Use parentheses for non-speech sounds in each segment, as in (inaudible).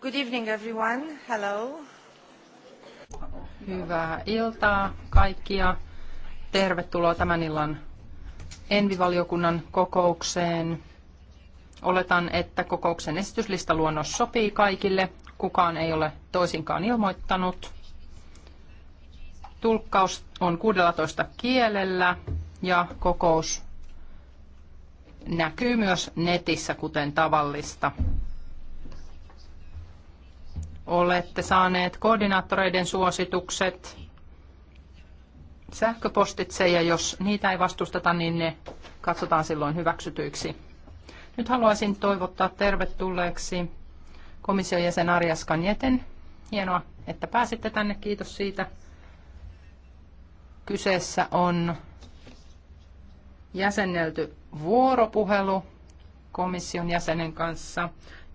Good evening everyone. Hello. Hyvää iltaa kaikkia. Tervetuloa tämän illan Envivaliokunnan kokoukseen. Oletan, että kokouksen esityslistaluonnos sopii kaikille. Kukaan ei ole toisinkaan ilmoittanut. Tulkkaus on 16 kielellä ja kokous näkyy myös netissä, kuten tavallista. Olette saaneet koordinaattoreiden suositukset sähköpostitse ja jos niitä ei vastusteta, niin ne katsotaan silloin hyväksytyiksi. Nyt haluaisin toivottaa tervetulleeksi komission jäsen Arja Skanjeten. Hienoa, että pääsitte tänne. Kiitos siitä. Kyseessä on jäsennelty vuoropuhelu komission jäsenen kanssa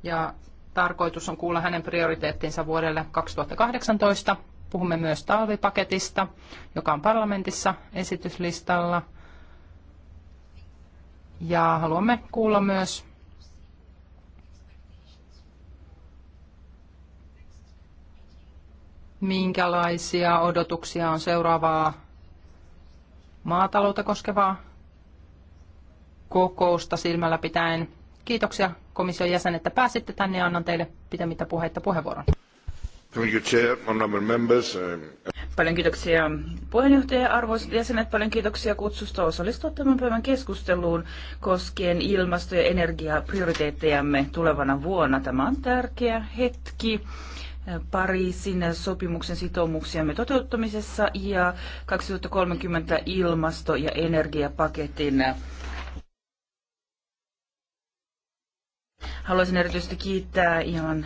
ja tarkoitus on kuulla hänen prioriteettinsa vuodelle 2018. Puhumme myös talvipaketista, joka on parlamentissa esityslistalla. Ja haluamme kuulla myös minkälaisia odotuksia on seuraavaa maataloutta koskevaa kokousta silmällä pitäen. Kiitoksia komission jäsen, että pääsitte tänne ja annan teille pitämättä puheita puheenvuoron. Paljon kiitoksia puheenjohtaja, arvoisat jäsenet, paljon kiitoksia kutsusta osallistua tämän päivän keskusteluun koskien ilmasto- ja energiaprioriteettejamme tulevana vuonna. Tämä on tärkeä hetki. Pariisin sopimuksen sitoumuksiamme toteuttamisessa ja 2030 ilmasto- ja energiapaketin Haluaisin erityisesti kiittää ihan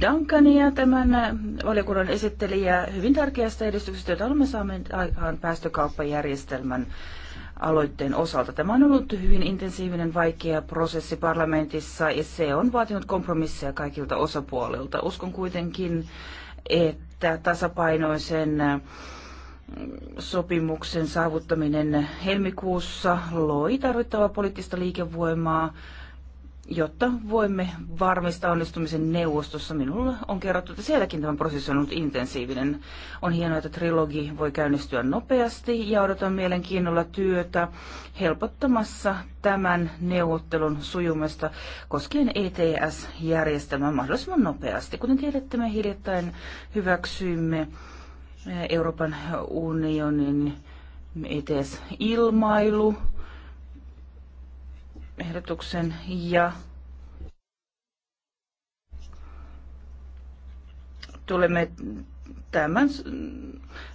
Duncania, tämän äh, valiokunnan esittelijää, hyvin tärkeästä edistyksestä, jota olemme saaneet aikaan päästökauppajärjestelmän aloitteen osalta. Tämä on ollut hyvin intensiivinen, vaikea prosessi parlamentissa ja se on vaatinut kompromisseja kaikilta osapuolilta. Uskon kuitenkin, että tasapainoisen äh, sopimuksen saavuttaminen helmikuussa loi tarvittavaa poliittista liikevoimaa jotta voimme varmistaa onnistumisen neuvostossa. Minulle on kerrottu, että sielläkin tämä prosessi on ollut intensiivinen. On hienoa, että trilogi voi käynnistyä nopeasti ja odotan mielenkiinnolla työtä helpottamassa tämän neuvottelun sujumista koskien ETS-järjestelmää mahdollisimman nopeasti. Kuten tiedätte, me hiljattain hyväksyimme Euroopan unionin ETS-ilmailu ehdotuksen ja tulemme tämän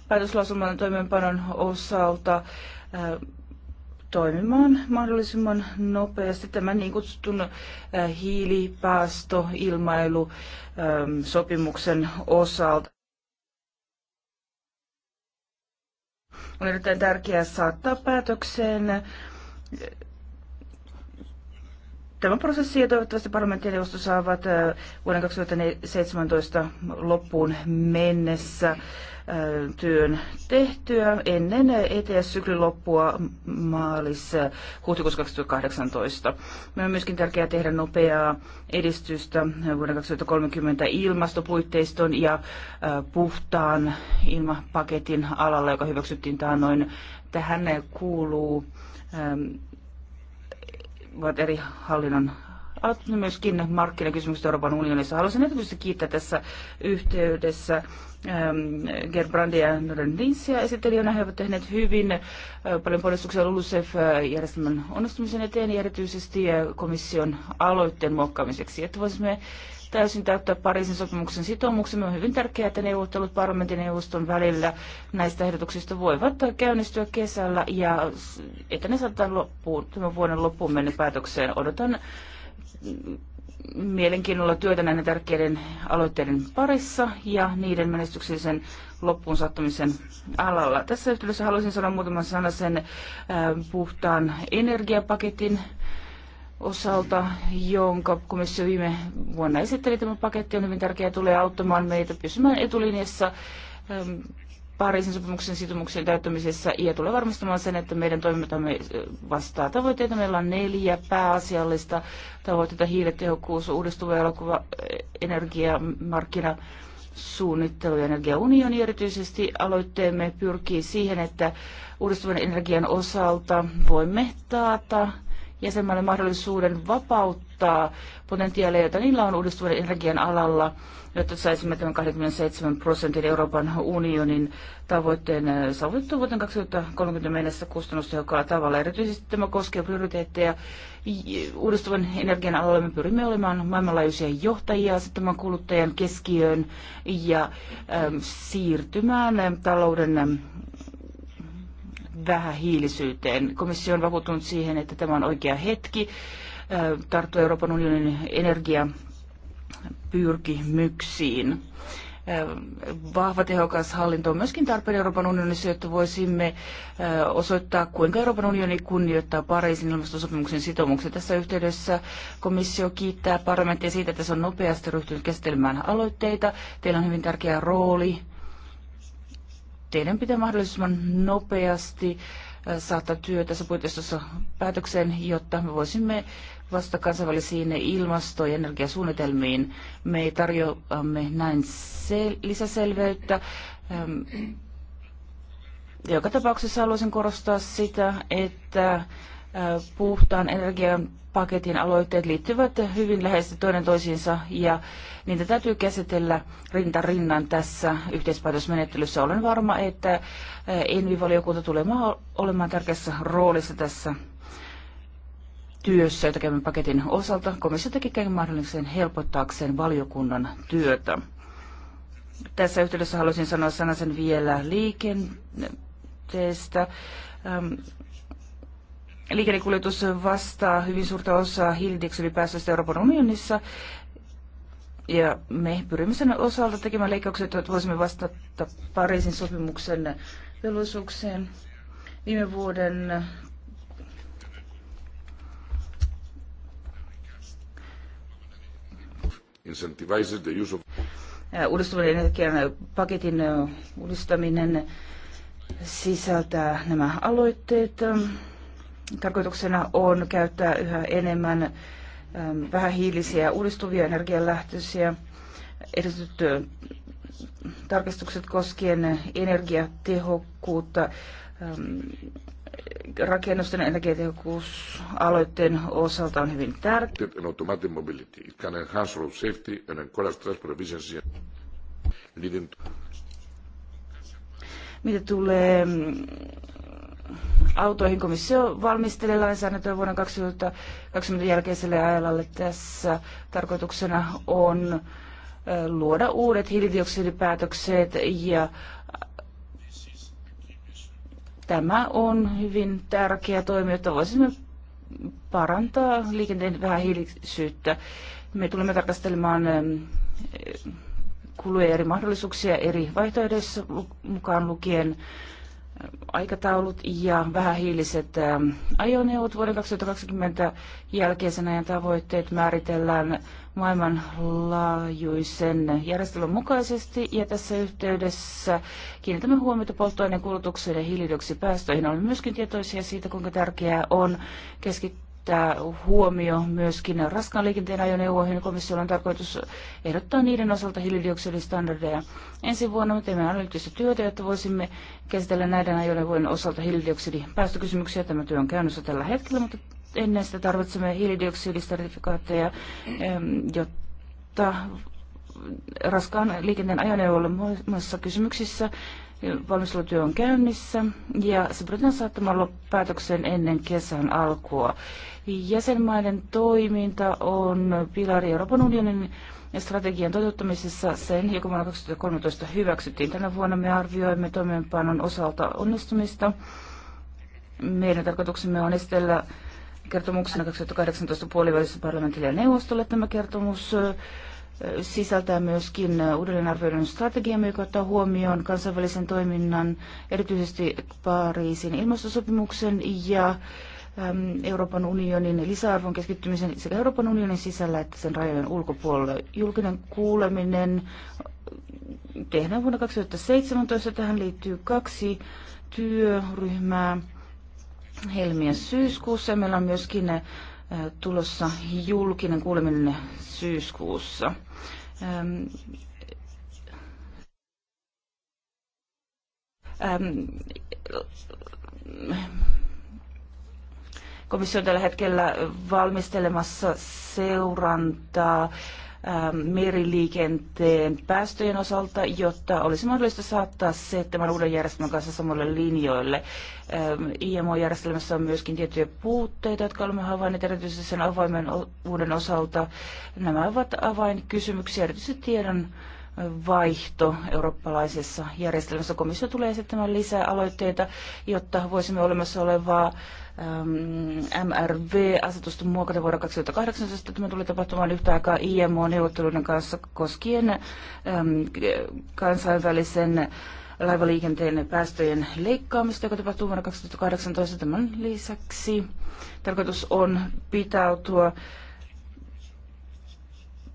päätöslausuman toimeenpanon osalta toimimaan mahdollisimman nopeasti tämän niin kutsutun hiilipäästöilmailusopimuksen osalta. On erittäin tärkeää saattaa päätökseen Tämä prosessi ja toivottavasti parlamentti neuvosto saavat vuoden 2017 loppuun mennessä työn tehtyä ennen ETS-syklin loppua maalissa huhtikuussa 2018. Meillä on myöskin tärkeää tehdä nopeaa edistystä vuoden 2030 ilmastopuitteiston ja puhtaan ilmapaketin alalla, joka hyväksyttiin taannoin. Tähän kuuluu ovat eri hallinnon alat, niin myöskin markkinakysymykset Euroopan unionissa. Haluaisin erityisesti kiittää tässä yhteydessä ähm, Gerbrandia ja Linssiä esittelijänä. He ovat tehneet hyvin äh, paljon ponnistuksia lulucef järjestelmän onnistumisen eteen ja erityisesti äh, komission aloitteen muokkaamiseksi, että voisimme täysin täyttää Pariisin sopimuksen sitoumuksen. On hyvin tärkeää, että neuvottelut parlamentin neuvoston välillä näistä ehdotuksista voivat käynnistyä kesällä ja että ne saattaa loppuun, tämän vuoden loppuun mennä päätökseen. Odotan mielenkiinnolla työtä näiden tärkeiden aloitteiden parissa ja niiden menestyksellisen loppuun sattumisen alalla. Tässä yhteydessä haluaisin sanoa muutaman sanan sen puhtaan energiapaketin osalta, jonka komissio viime vuonna esitteli. Tämä paketti on hyvin tärkeä ja tulee auttamaan meitä pysymään etulinjassa ähm, Pariisin sopimuksen sitoumuksien täyttämisessä ja tulee varmistamaan sen, että meidän toimintamme äh, vastaa tavoitteita. Meillä on neljä pääasiallista tavoitteita, hiiletehokkuus, uudistuva elokuva, äh, energia, markkina, suunnittelu ja energiaunioni erityisesti aloitteemme pyrkii siihen, että uudistuvan energian osalta voimme taata jäsenmaille mahdollisuuden vapauttaa potentiaaleja, joita niillä on uudistuvan energian alalla, jotta saisimme tämän 27 prosentin Euroopan unionin tavoitteen äh, saavutettua vuoteen 2030 mennessä kustannustehokkaalla tavalla. Erityisesti tämä koskee prioriteetteja. Uudistuvan energian alalla me pyrimme olemaan maailmanlaajuisia johtajia asettamaan kuluttajan keskiöön ja äm, siirtymään äh, talouden vähähiilisyyteen. Komissio on vakuuttunut siihen, että tämä on oikea hetki tarttua Euroopan unionin energiapyrkimyksiin. Vahva tehokas hallinto on myöskin tarpeen Euroopan unionissa, jotta voisimme osoittaa, kuinka Euroopan unioni kunnioittaa Pariisin ilmastosopimuksen sitoumuksen. Tässä yhteydessä komissio kiittää parlamenttia siitä, että se on nopeasti ryhtynyt käsittelemään aloitteita. Teillä on hyvin tärkeä rooli teidän pitää mahdollisimman nopeasti saattaa työ tässä puitteissa päätökseen, jotta me voisimme vastata kansainvälisiin ilmasto- ja energiasuunnitelmiin. Me tarjoamme näin sel- lisäselveyttä. Joka tapauksessa haluaisin korostaa sitä, että puhtaan energian paketin aloitteet liittyvät hyvin läheisesti toinen toisiinsa ja niitä täytyy käsitellä rinta rinnan tässä yhteispäätösmenettelyssä. Olen varma, että ENVI-valiokunta tulee olemaan tärkeässä roolissa tässä työssä tekemän paketin osalta. Komissio teki kaiken mahdollisen helpottaakseen valiokunnan työtä. Tässä yhteydessä haluaisin sanoa sanasen vielä liikenteestä liikennekuljetus vastaa hyvin suurta osaa hiilidioksidipäästöistä Euroopan unionissa. Ja me pyrimme sen osalta tekemään leikkauksia, että voisimme vastata Pariisin sopimuksen velvollisuukseen. Viime vuoden the use of... Äh, uudistuvan energian paketin äh, uudistaminen sisältää nämä aloitteet. Tarkoituksena on käyttää yhä enemmän vähähiilisiä uudistuvia energialähtöisiä. Edistetyt tarkistukset koskien energiatehokkuutta, rakennusten energiatehokkuusaloitteen osalta on hyvin tärkeä. Mitä tulee autoihin komissio valmistelee lainsäädäntöä vuoden 2020 jälkeiselle ajalle. Tässä tarkoituksena on luoda uudet hiilidioksidipäätökset ja tämä on hyvin tärkeä toimi, jotta voisimme parantaa liikenteen vähähiilisyyttä. Me tulemme tarkastelemaan kuluja eri mahdollisuuksia eri vaihtoehdoissa mukaan lukien aikataulut ja vähähiiliset ähm, ajoneuvot vuoden 2020 jälkeisen ajan tavoitteet määritellään maailmanlaajuisen järjestelmän mukaisesti ja tässä yhteydessä kiinnitämme huomiota polttoaineen kulutukseen ja hiilidioksipäästöihin. Olemme myöskin tietoisia siitä, kuinka tärkeää on keskittyä kiinnittää huomio myöskin raskaan liikenteen ajoneuvoihin. Komissiolla on tarkoitus ehdottaa niiden osalta hiilidioksidistandardeja. Ensi vuonna me teemme analyyttistä työtä, jotta voisimme käsitellä näiden ajoneuvojen osalta hiilidioksidipäästökysymyksiä. Tämä työ on käynnissä tällä hetkellä, mutta ennen sitä tarvitsemme hiilidioksidisertifikaatteja, ehm, jotta raskaan liikenteen ajoneuvolle muissa kysymyksissä. Valmistelutyö on käynnissä ja se pyritään saattamaan päätökseen ennen kesän alkua. Jäsenmaiden toiminta on pilari Euroopan unionin strategian toteuttamisessa sen, joka vuonna 2013 hyväksyttiin. Tänä vuonna me arvioimme toimeenpanon osalta onnistumista. Meidän tarkoituksemme on esitellä kertomuksena 2018 puolivälissä parlamentille ja neuvostolle tämä kertomus sisältää myöskin uudelleenarvioidun strategian, joka ottaa huomioon kansainvälisen toiminnan, erityisesti Pariisin ilmastosopimuksen ja Euroopan unionin lisäarvon keskittymisen sekä Euroopan unionin sisällä että sen rajojen ulkopuolella. Julkinen kuuleminen tehdään vuonna 2017. Tähän liittyy kaksi työryhmää helmi- ja syyskuussa. Meillä on myöskin tulossa julkinen kuuleminen syyskuussa. Komissio on tällä hetkellä valmistelemassa seurantaa Ähm, meriliikenteen päästöjen osalta, jotta olisi mahdollista saattaa se tämän uuden järjestelmän kanssa samalle linjoille. Ähm, IMO-järjestelmässä on myöskin tiettyjä puutteita, jotka olemme havainneet erityisesti sen uuden osalta. Nämä ovat avainkysymyksiä, erityisesti tiedon vaihto eurooppalaisessa järjestelmässä. Komissio tulee esittämään lisää aloitteita, jotta voisimme olemassa olevaa MRV-asetusta ähm, muokata vuonna 2018. Tämä tuli tapahtumaan yhtä aikaa IMO-neuvotteluiden kanssa koskien äm, kansainvälisen laivaliikenteen päästöjen leikkaamista, joka tapahtuu vuonna 2018. Tämän lisäksi tarkoitus on pitäytyä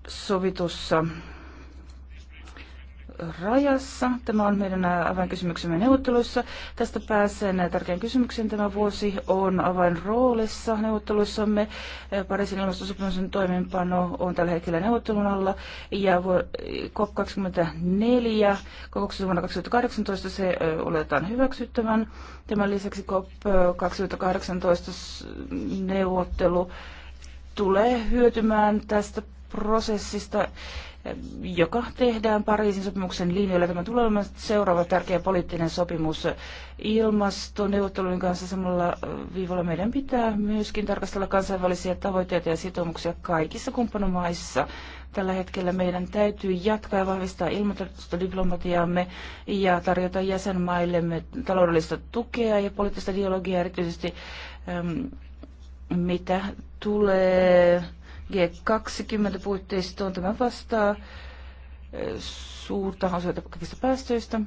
sovitussa rajassa. Tämä on meidän avainkysymyksemme neuvotteluissa. Tästä pääsen tärkeän kysymyksen Tämä vuosi on avainroolissa neuvotteluissamme. Pariisin ilmastosopimuksen toimeenpano on tällä hetkellä neuvottelun alla. Ja COP24 kokouksessa vuonna 2018 se oletetaan hyväksyttävän. Tämän lisäksi COP2018 neuvottelu tulee hyötymään tästä prosessista joka tehdään Pariisin sopimuksen linjoilla. Tämä tulee olemaan seuraava tärkeä poliittinen sopimus ilmastoneuvottelujen kanssa. Samalla viivalla meidän pitää myöskin tarkastella kansainvälisiä tavoitteita ja sitoumuksia kaikissa kumppanomaissa. Tällä hetkellä meidän täytyy jatkaa ja vahvistaa ilmastodiplomatiaamme ja tarjota jäsenmaillemme taloudellista tukea ja poliittista dialogia erityisesti, mitä tulee G20-puitteistoon. Tämä vastaa eh, suurta osuutta kaikista päästöistä.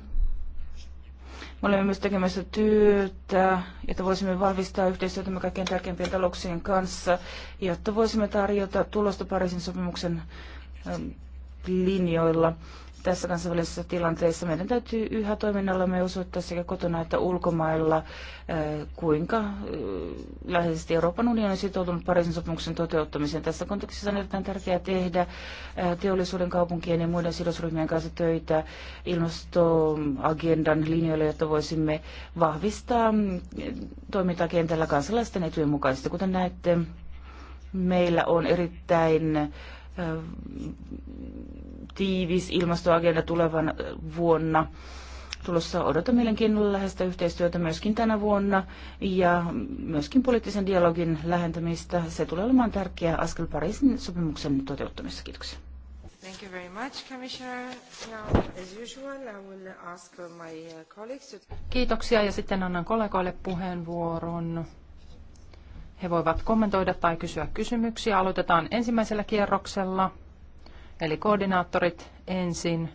Me olemme myös tekemässä työtä, jotta voisimme vahvistaa me kaikkein tärkeimpien talouksien kanssa, jotta voisimme tarjota tulosta Pariisin sopimuksen eh, linjoilla tässä kansainvälisessä tilanteessa meidän täytyy yhä toiminnallamme osoittaa sekä kotona että ulkomailla, eh, kuinka eh, läheisesti Euroopan unioni on sitoutunut Pariisin sopimuksen toteuttamiseen. Tässä kontekstissa on erittäin tärkeää tehdä eh, teollisuuden, kaupunkien ja muiden sidosryhmien kanssa töitä ilmastoagendan linjoille, jotta voisimme vahvistaa mm, toimintaa kentällä kansalaisten etujen mukaisesti. Kuten näette, meillä on erittäin tiivis ilmastoagenda tulevan vuonna tulossa. odota mielenkiinnolla läheistä yhteistyötä myöskin tänä vuonna ja myöskin poliittisen dialogin lähentämistä. Se tulee olemaan tärkeä askel Pariisin sopimuksen toteuttamisessa. Kiitoksia. Thank you very much, Commissioner. Now, as usual, I will ask my uh, colleagues to... Kiitoksia ja sitten annan kollegoille puheenvuoron. He voivat kommentoida tai kysyä kysymyksiä. Aloitetaan ensimmäisellä kierroksella, eli koordinaattorit ensin,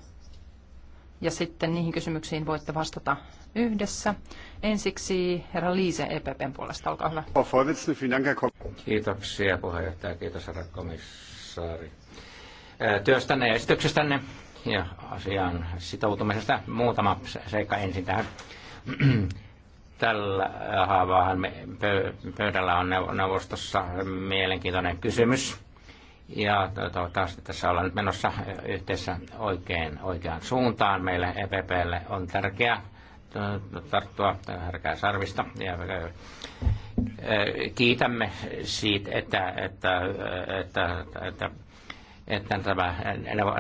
ja sitten niihin kysymyksiin voitte vastata yhdessä. Ensiksi herra Liise EPPn puolesta, olkaa hyvä. Kiitoksia puheenjohtaja, kiitos herra komissaari työstänne ja esityksestänne ja asiaan sitoutumisesta. Muutama seikka ensin tähän Tällä haavaahan me, pöydällä on neuvostossa mielenkiintoinen kysymys. Ja toivottavasti tässä ollaan nyt menossa eh, yhteensä oikein, oikeaan suuntaan. Meille EPPlle on tärkeää eh, tarttua härkää sarvista. Ja eh, kiitämme siitä, että, että, että, että, että että tämä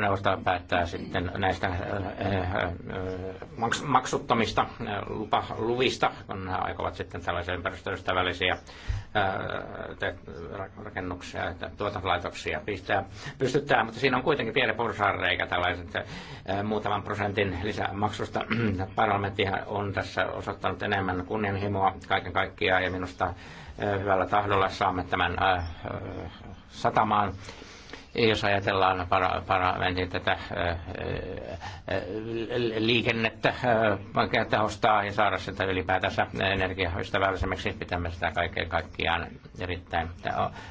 neuvosto päättää sitten näistä äh, äh, maksuttomista äh, lupaluvista, kun he aikovat sitten tällaisia ympäristöystävällisiä rakennuksia, tuotantolaitoksia pistää, pystyttää, mutta siinä on kuitenkin pieni porsaareikä tällaiset muutaman prosentin lisämaksusta. (clears throat) Parlamentti on tässä osoittanut enemmän kunnianhimoa kaiken kaikkiaan ja minusta hyvällä tahdolla saamme tämän satamaan jos ajatellaan parlamentin tätä liikennettä tehostaa ja saada sitä ylipäätänsä energiaystävällisemmäksi, pitämme sitä kaiken kaikkiaan erittäin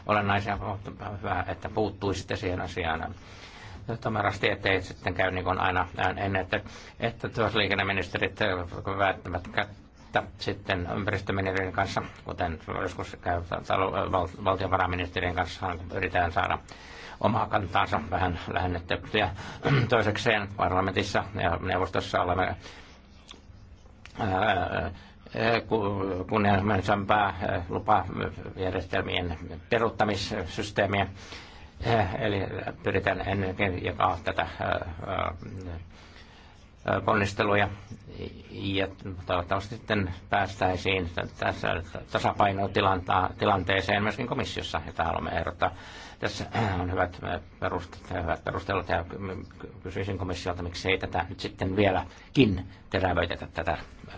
olennaisia, hyvä, että puuttuisitte siihen asiaan tomerasti, ettei sitten käy niin kuin aina ennen, että, että tuossa liikenneministerit välttämättä että sitten ympäristöministerin kanssa, kuten joskus käy val- valtiovarainministerin kanssa, kun yritetään saada omaa kantaansa vähän lähennetty. Ja äh, toisekseen parlamentissa ja neuvostossa olemme äh, äh, kunnianhimoisen lupajärjestelmien peruuttamissysteemiä. Eli pyritään ennenkin jakaa tätä ponnisteluja ja toivottavasti sitten päästäisiin tässä tasapainotilanteeseen myöskin komissiossa, jota haluamme ehdottaa. Tässä on hyvät äh, perustelut, hyvät perustelut ja kysyisin komissiolta, miksi ei tätä nyt sitten vieläkin terävöitetä tätä äh,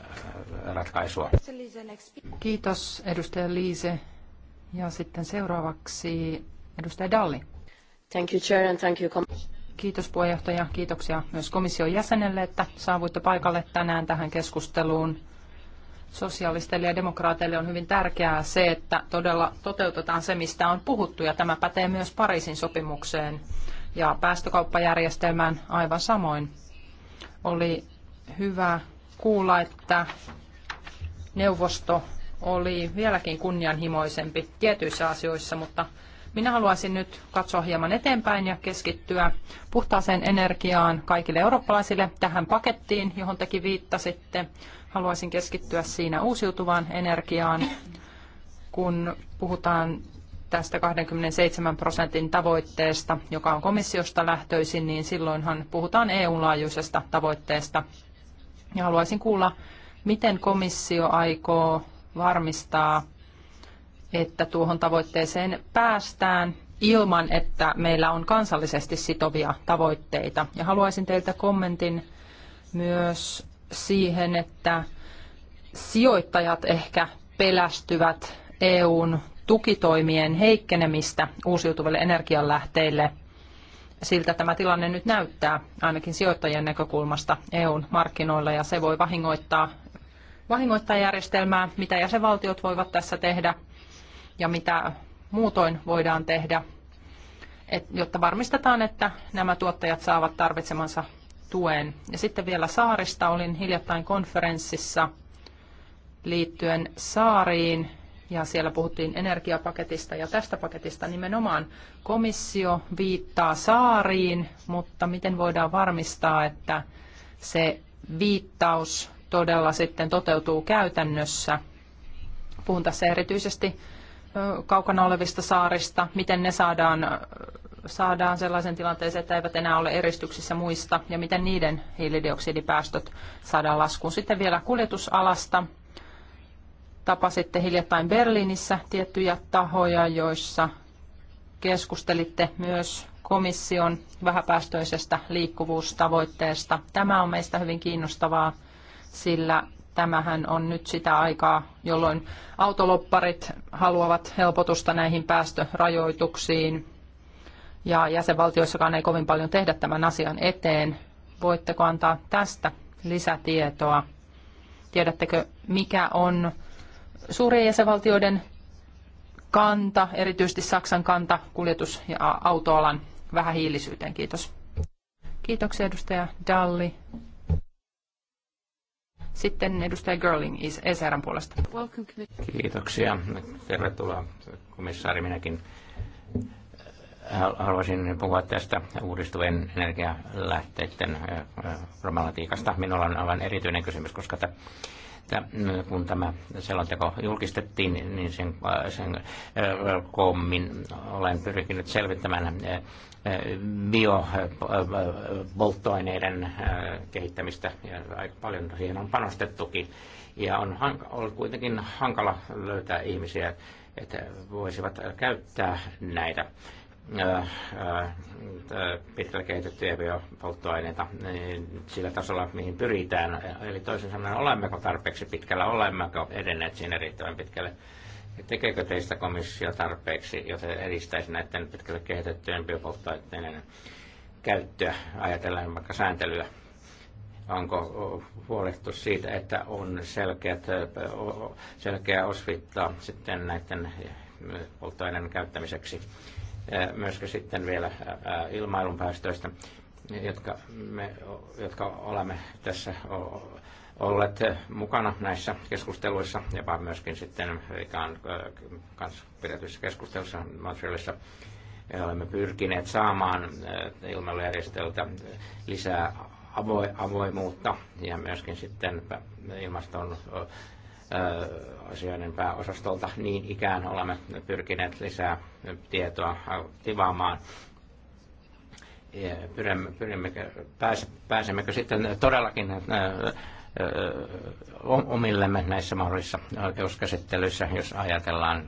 ratkaisua. Kiitos edustaja Liise. Ja sitten seuraavaksi edustaja Dalli. Thank you, Chair, and thank you, Kiitos puheenjohtaja. Kiitoksia myös komission jäsenelle, että saavuitte paikalle tänään tähän keskusteluun sosialisteille ja demokraateille on hyvin tärkeää se, että todella toteutetaan se, mistä on puhuttu, ja tämä pätee myös Pariisin sopimukseen ja päästökauppajärjestelmään aivan samoin. Oli hyvä kuulla, että neuvosto oli vieläkin kunnianhimoisempi tietyissä asioissa, mutta minä haluaisin nyt katsoa hieman eteenpäin ja keskittyä puhtaaseen energiaan kaikille eurooppalaisille tähän pakettiin, johon tekin viittasitte. Haluaisin keskittyä siinä uusiutuvaan energiaan, kun puhutaan tästä 27 prosentin tavoitteesta, joka on komissiosta lähtöisin, niin silloinhan puhutaan EU-laajuisesta tavoitteesta. Ja haluaisin kuulla, miten komissio aikoo varmistaa, että tuohon tavoitteeseen päästään ilman, että meillä on kansallisesti sitovia tavoitteita. Ja haluaisin teiltä kommentin myös siihen, että sijoittajat ehkä pelästyvät EUn tukitoimien heikkenemistä uusiutuville energianlähteille. Siltä tämä tilanne nyt näyttää, ainakin sijoittajien näkökulmasta EUn markkinoilla, ja se voi vahingoittaa, vahingoittaa järjestelmää, mitä jäsenvaltiot voivat tässä tehdä ja mitä muutoin voidaan tehdä, jotta varmistetaan, että nämä tuottajat saavat tarvitsemansa tuen. Ja sitten vielä saarista olin hiljattain konferenssissa liittyen saariin ja siellä puhuttiin energiapaketista ja tästä paketista nimenomaan komissio viittaa saariin, mutta miten voidaan varmistaa, että se viittaus todella sitten toteutuu käytännössä. Puhun tässä erityisesti kaukana olevista saarista, miten ne saadaan saadaan sellaisen tilanteeseen, että eivät enää ole eristyksissä muista ja miten niiden hiilidioksidipäästöt saadaan laskuun. Sitten vielä kuljetusalasta. Tapasitte hiljattain Berliinissä tiettyjä tahoja, joissa keskustelitte myös komission vähäpäästöisestä liikkuvuustavoitteesta. Tämä on meistä hyvin kiinnostavaa, sillä tämähän on nyt sitä aikaa, jolloin autolopparit haluavat helpotusta näihin päästörajoituksiin ja jäsenvaltioissakaan ei kovin paljon tehdä tämän asian eteen. Voitteko antaa tästä lisätietoa? Tiedättekö, mikä on suurien jäsenvaltioiden kanta, erityisesti Saksan kanta kuljetus- ja autoalan vähähiilisyyteen? Kiitos. Kiitoksia edustaja Dalli. Sitten edustaja Girling ESRn puolesta. Kiitoksia. Tervetuloa komissaari minäkin haluaisin puhua tästä uudistuvien energialähteiden problematiikasta. Minulla on aivan erityinen kysymys, koska tämä että kun tämä selonteko julkistettiin, niin, niin sen, sen koommin olen pyrkinyt selvittämään biopolttoaineiden kehittämistä ja aika paljon siihen on panostettukin. Ja on ollut kuitenkin hankala löytää ihmisiä, että voisivat käyttää näitä pitkällä kehitettyjä biopolttoaineita niin sillä tasolla, mihin pyritään. Eli toisin sanoen, olemmeko tarpeeksi pitkällä, olemmeko edenneet siinä riittävän pitkälle. Tekeekö teistä komissio tarpeeksi, jotta edistäisi näiden pitkälle kehitettyjen biopolttoaineiden käyttöä, ajatellaan vaikka sääntelyä? Onko huolehtu siitä, että on selkeät, selkeä osvittaa sitten näiden polttoaineiden käyttämiseksi? Eh, myöskin sitten vielä eh, ilmailun päästöistä, jotka, me, jotka olemme tässä olleet mukana näissä keskusteluissa, jopa myöskin sitten Rikan eh, kanssa pidetyissä keskusteluissa Montrealissa olemme pyrkineet saamaan ilmailujärjestöltä lisää avoimuutta ja myöskin sitten ilmaston asioiden pääosastolta niin ikään olemme pyrkineet lisää tietoa tivaamaan. Pyrimme, pyrimme, pääs, pääsemmekö sitten todellakin omillemme näissä mahdollisissa oikeuskäsittelyissä, jos ajatellaan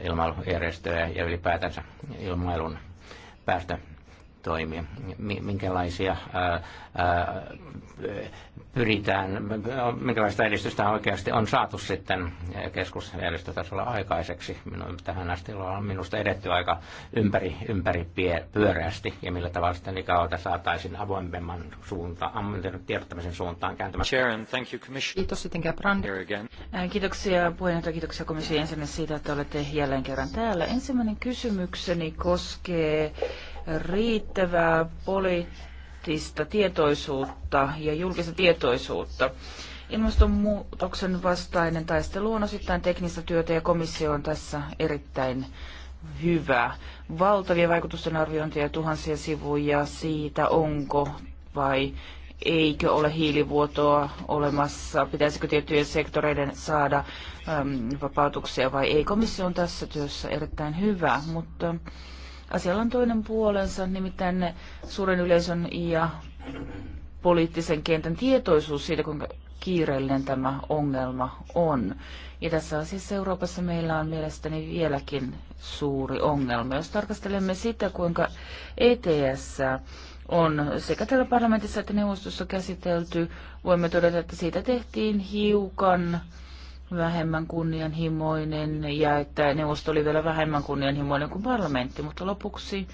ilmailujärjestöjä ja ylipäätänsä ilmailun päästöjä toimi, minkälaisia pyritään, minkälaista edistystä oikeasti on saatu sitten keskusjärjestötasolla aikaiseksi. Minun, tähän asti on minusta edetty aika ympäri, ympäri pyöreästi ja millä tavalla sitten ikäolta saataisiin avoimemman suuntaan, tiedottamisen suuntaan kääntymään. Sharon, thank you, Kiitos sitten Brand. Kiitoksia puheenjohtaja, kiitoksia komission jäsenet siitä, että olette jälleen kerran täällä. Ensimmäinen kysymykseni koskee riittävää poliittista tietoisuutta ja julkista tietoisuutta. Ilmastonmuutoksen vastainen taistelu on osittain teknistä työtä ja komissio on tässä erittäin hyvä. Valtavia vaikutusten arviointeja tuhansia sivuja siitä, onko vai eikö ole hiilivuotoa olemassa, pitäisikö tiettyjen sektoreiden saada äm, vapautuksia vai ei. Komissio on tässä työssä erittäin hyvä, mutta Asialla on toinen puolensa, nimittäin suuren yleisön ja poliittisen kentän tietoisuus siitä, kuinka kiireellinen tämä ongelma on. Ja tässä asiassa Euroopassa meillä on mielestäni vieläkin suuri ongelma. Jos tarkastelemme sitä, kuinka ETS on sekä täällä parlamentissa että neuvostossa käsitelty, voimme todeta, että siitä tehtiin hiukan vähemmän kunnianhimoinen ja että neuvosto oli vielä vähemmän kunnianhimoinen kuin parlamentti, mutta lopuksi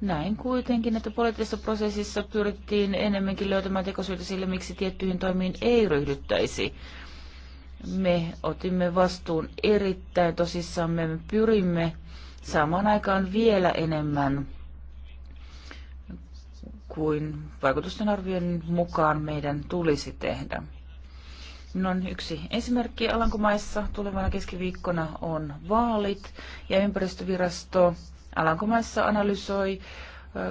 näin kuitenkin, että poliittisessa prosessissa pyrittiin enemmänkin löytämään tekosyitä sille, miksi tiettyihin toimiin ei ryhdyttäisi. Me otimme vastuun erittäin tosissaan, me pyrimme saamaan aikaan vielä enemmän kuin vaikutusten arvioinnin mukaan meidän tulisi tehdä on yksi esimerkki. Alankomaissa tulevana keskiviikkona on vaalit ja ympäristövirasto Alankomaissa analysoi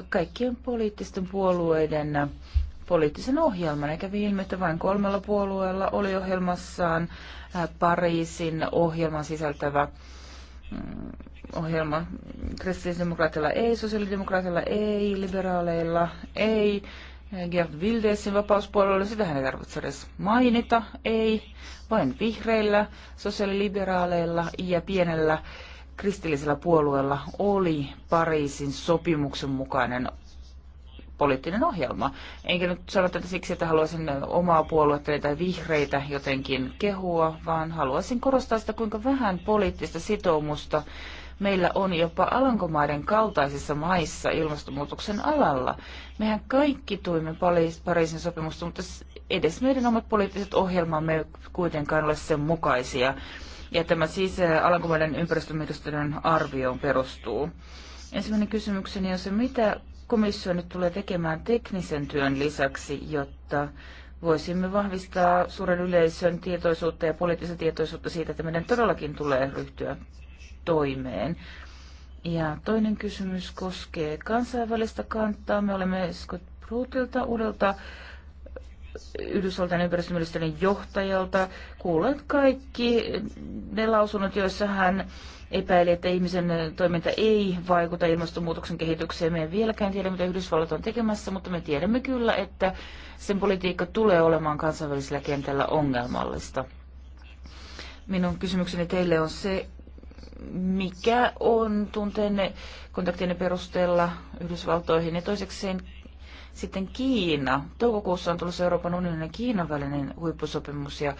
kaikkien poliittisten puolueiden poliittisen ohjelman, eikä ilmi, että vain kolmella puolueella oli ohjelmassaan Pariisin ohjelman sisältävä mm, ohjelma. Kristillisdemokraatilla ei, sosiaalidemokraatilla ei, liberaaleilla ei, Gerd Wildesin sitä sitähän ei tarvitse edes mainita, ei, vain vihreillä, sosiaaliliberaaleilla ja pienellä kristillisellä puolueella oli Pariisin sopimuksen mukainen poliittinen ohjelma. Enkä nyt sano tätä siksi, että haluaisin omaa puoluetta tai vihreitä jotenkin kehua, vaan haluaisin korostaa sitä, kuinka vähän poliittista sitoumusta Meillä on jopa Alankomaiden kaltaisissa maissa ilmastonmuutoksen alalla. Mehän kaikki tuimme Pariisin sopimusta, mutta edes meidän omat poliittiset ohjelmamme ei kuitenkaan ole sen mukaisia. Ja tämä siis Alankomaiden ympäristöministeriön arvioon perustuu. Ensimmäinen kysymykseni on se, mitä komissio nyt tulee tekemään teknisen työn lisäksi, jotta voisimme vahvistaa suuren yleisön tietoisuutta ja poliittista tietoisuutta siitä, että meidän todellakin tulee ryhtyä toimeen. Ja toinen kysymys koskee kansainvälistä kantaa. Me olemme Scott Brutilta uudelta eh, Yhdysvaltain ympäristöministerin johtajalta kuulleet kaikki ne lausunnot, joissa hän epäili, että ihmisen eh, toiminta ei vaikuta ilmastonmuutoksen kehitykseen. Me ei vieläkään tiedä, mitä Yhdysvallat on tekemässä, mutta me tiedämme kyllä, että sen politiikka tulee olemaan kansainvälisellä kentällä ongelmallista. Minun kysymykseni teille on se, mikä on tunteenne kontaktien perusteella Yhdysvaltoihin ja toisekseen sitten Kiina. Toukokuussa on tulossa Euroopan unionin ja Kiinan välinen huippusopimus ja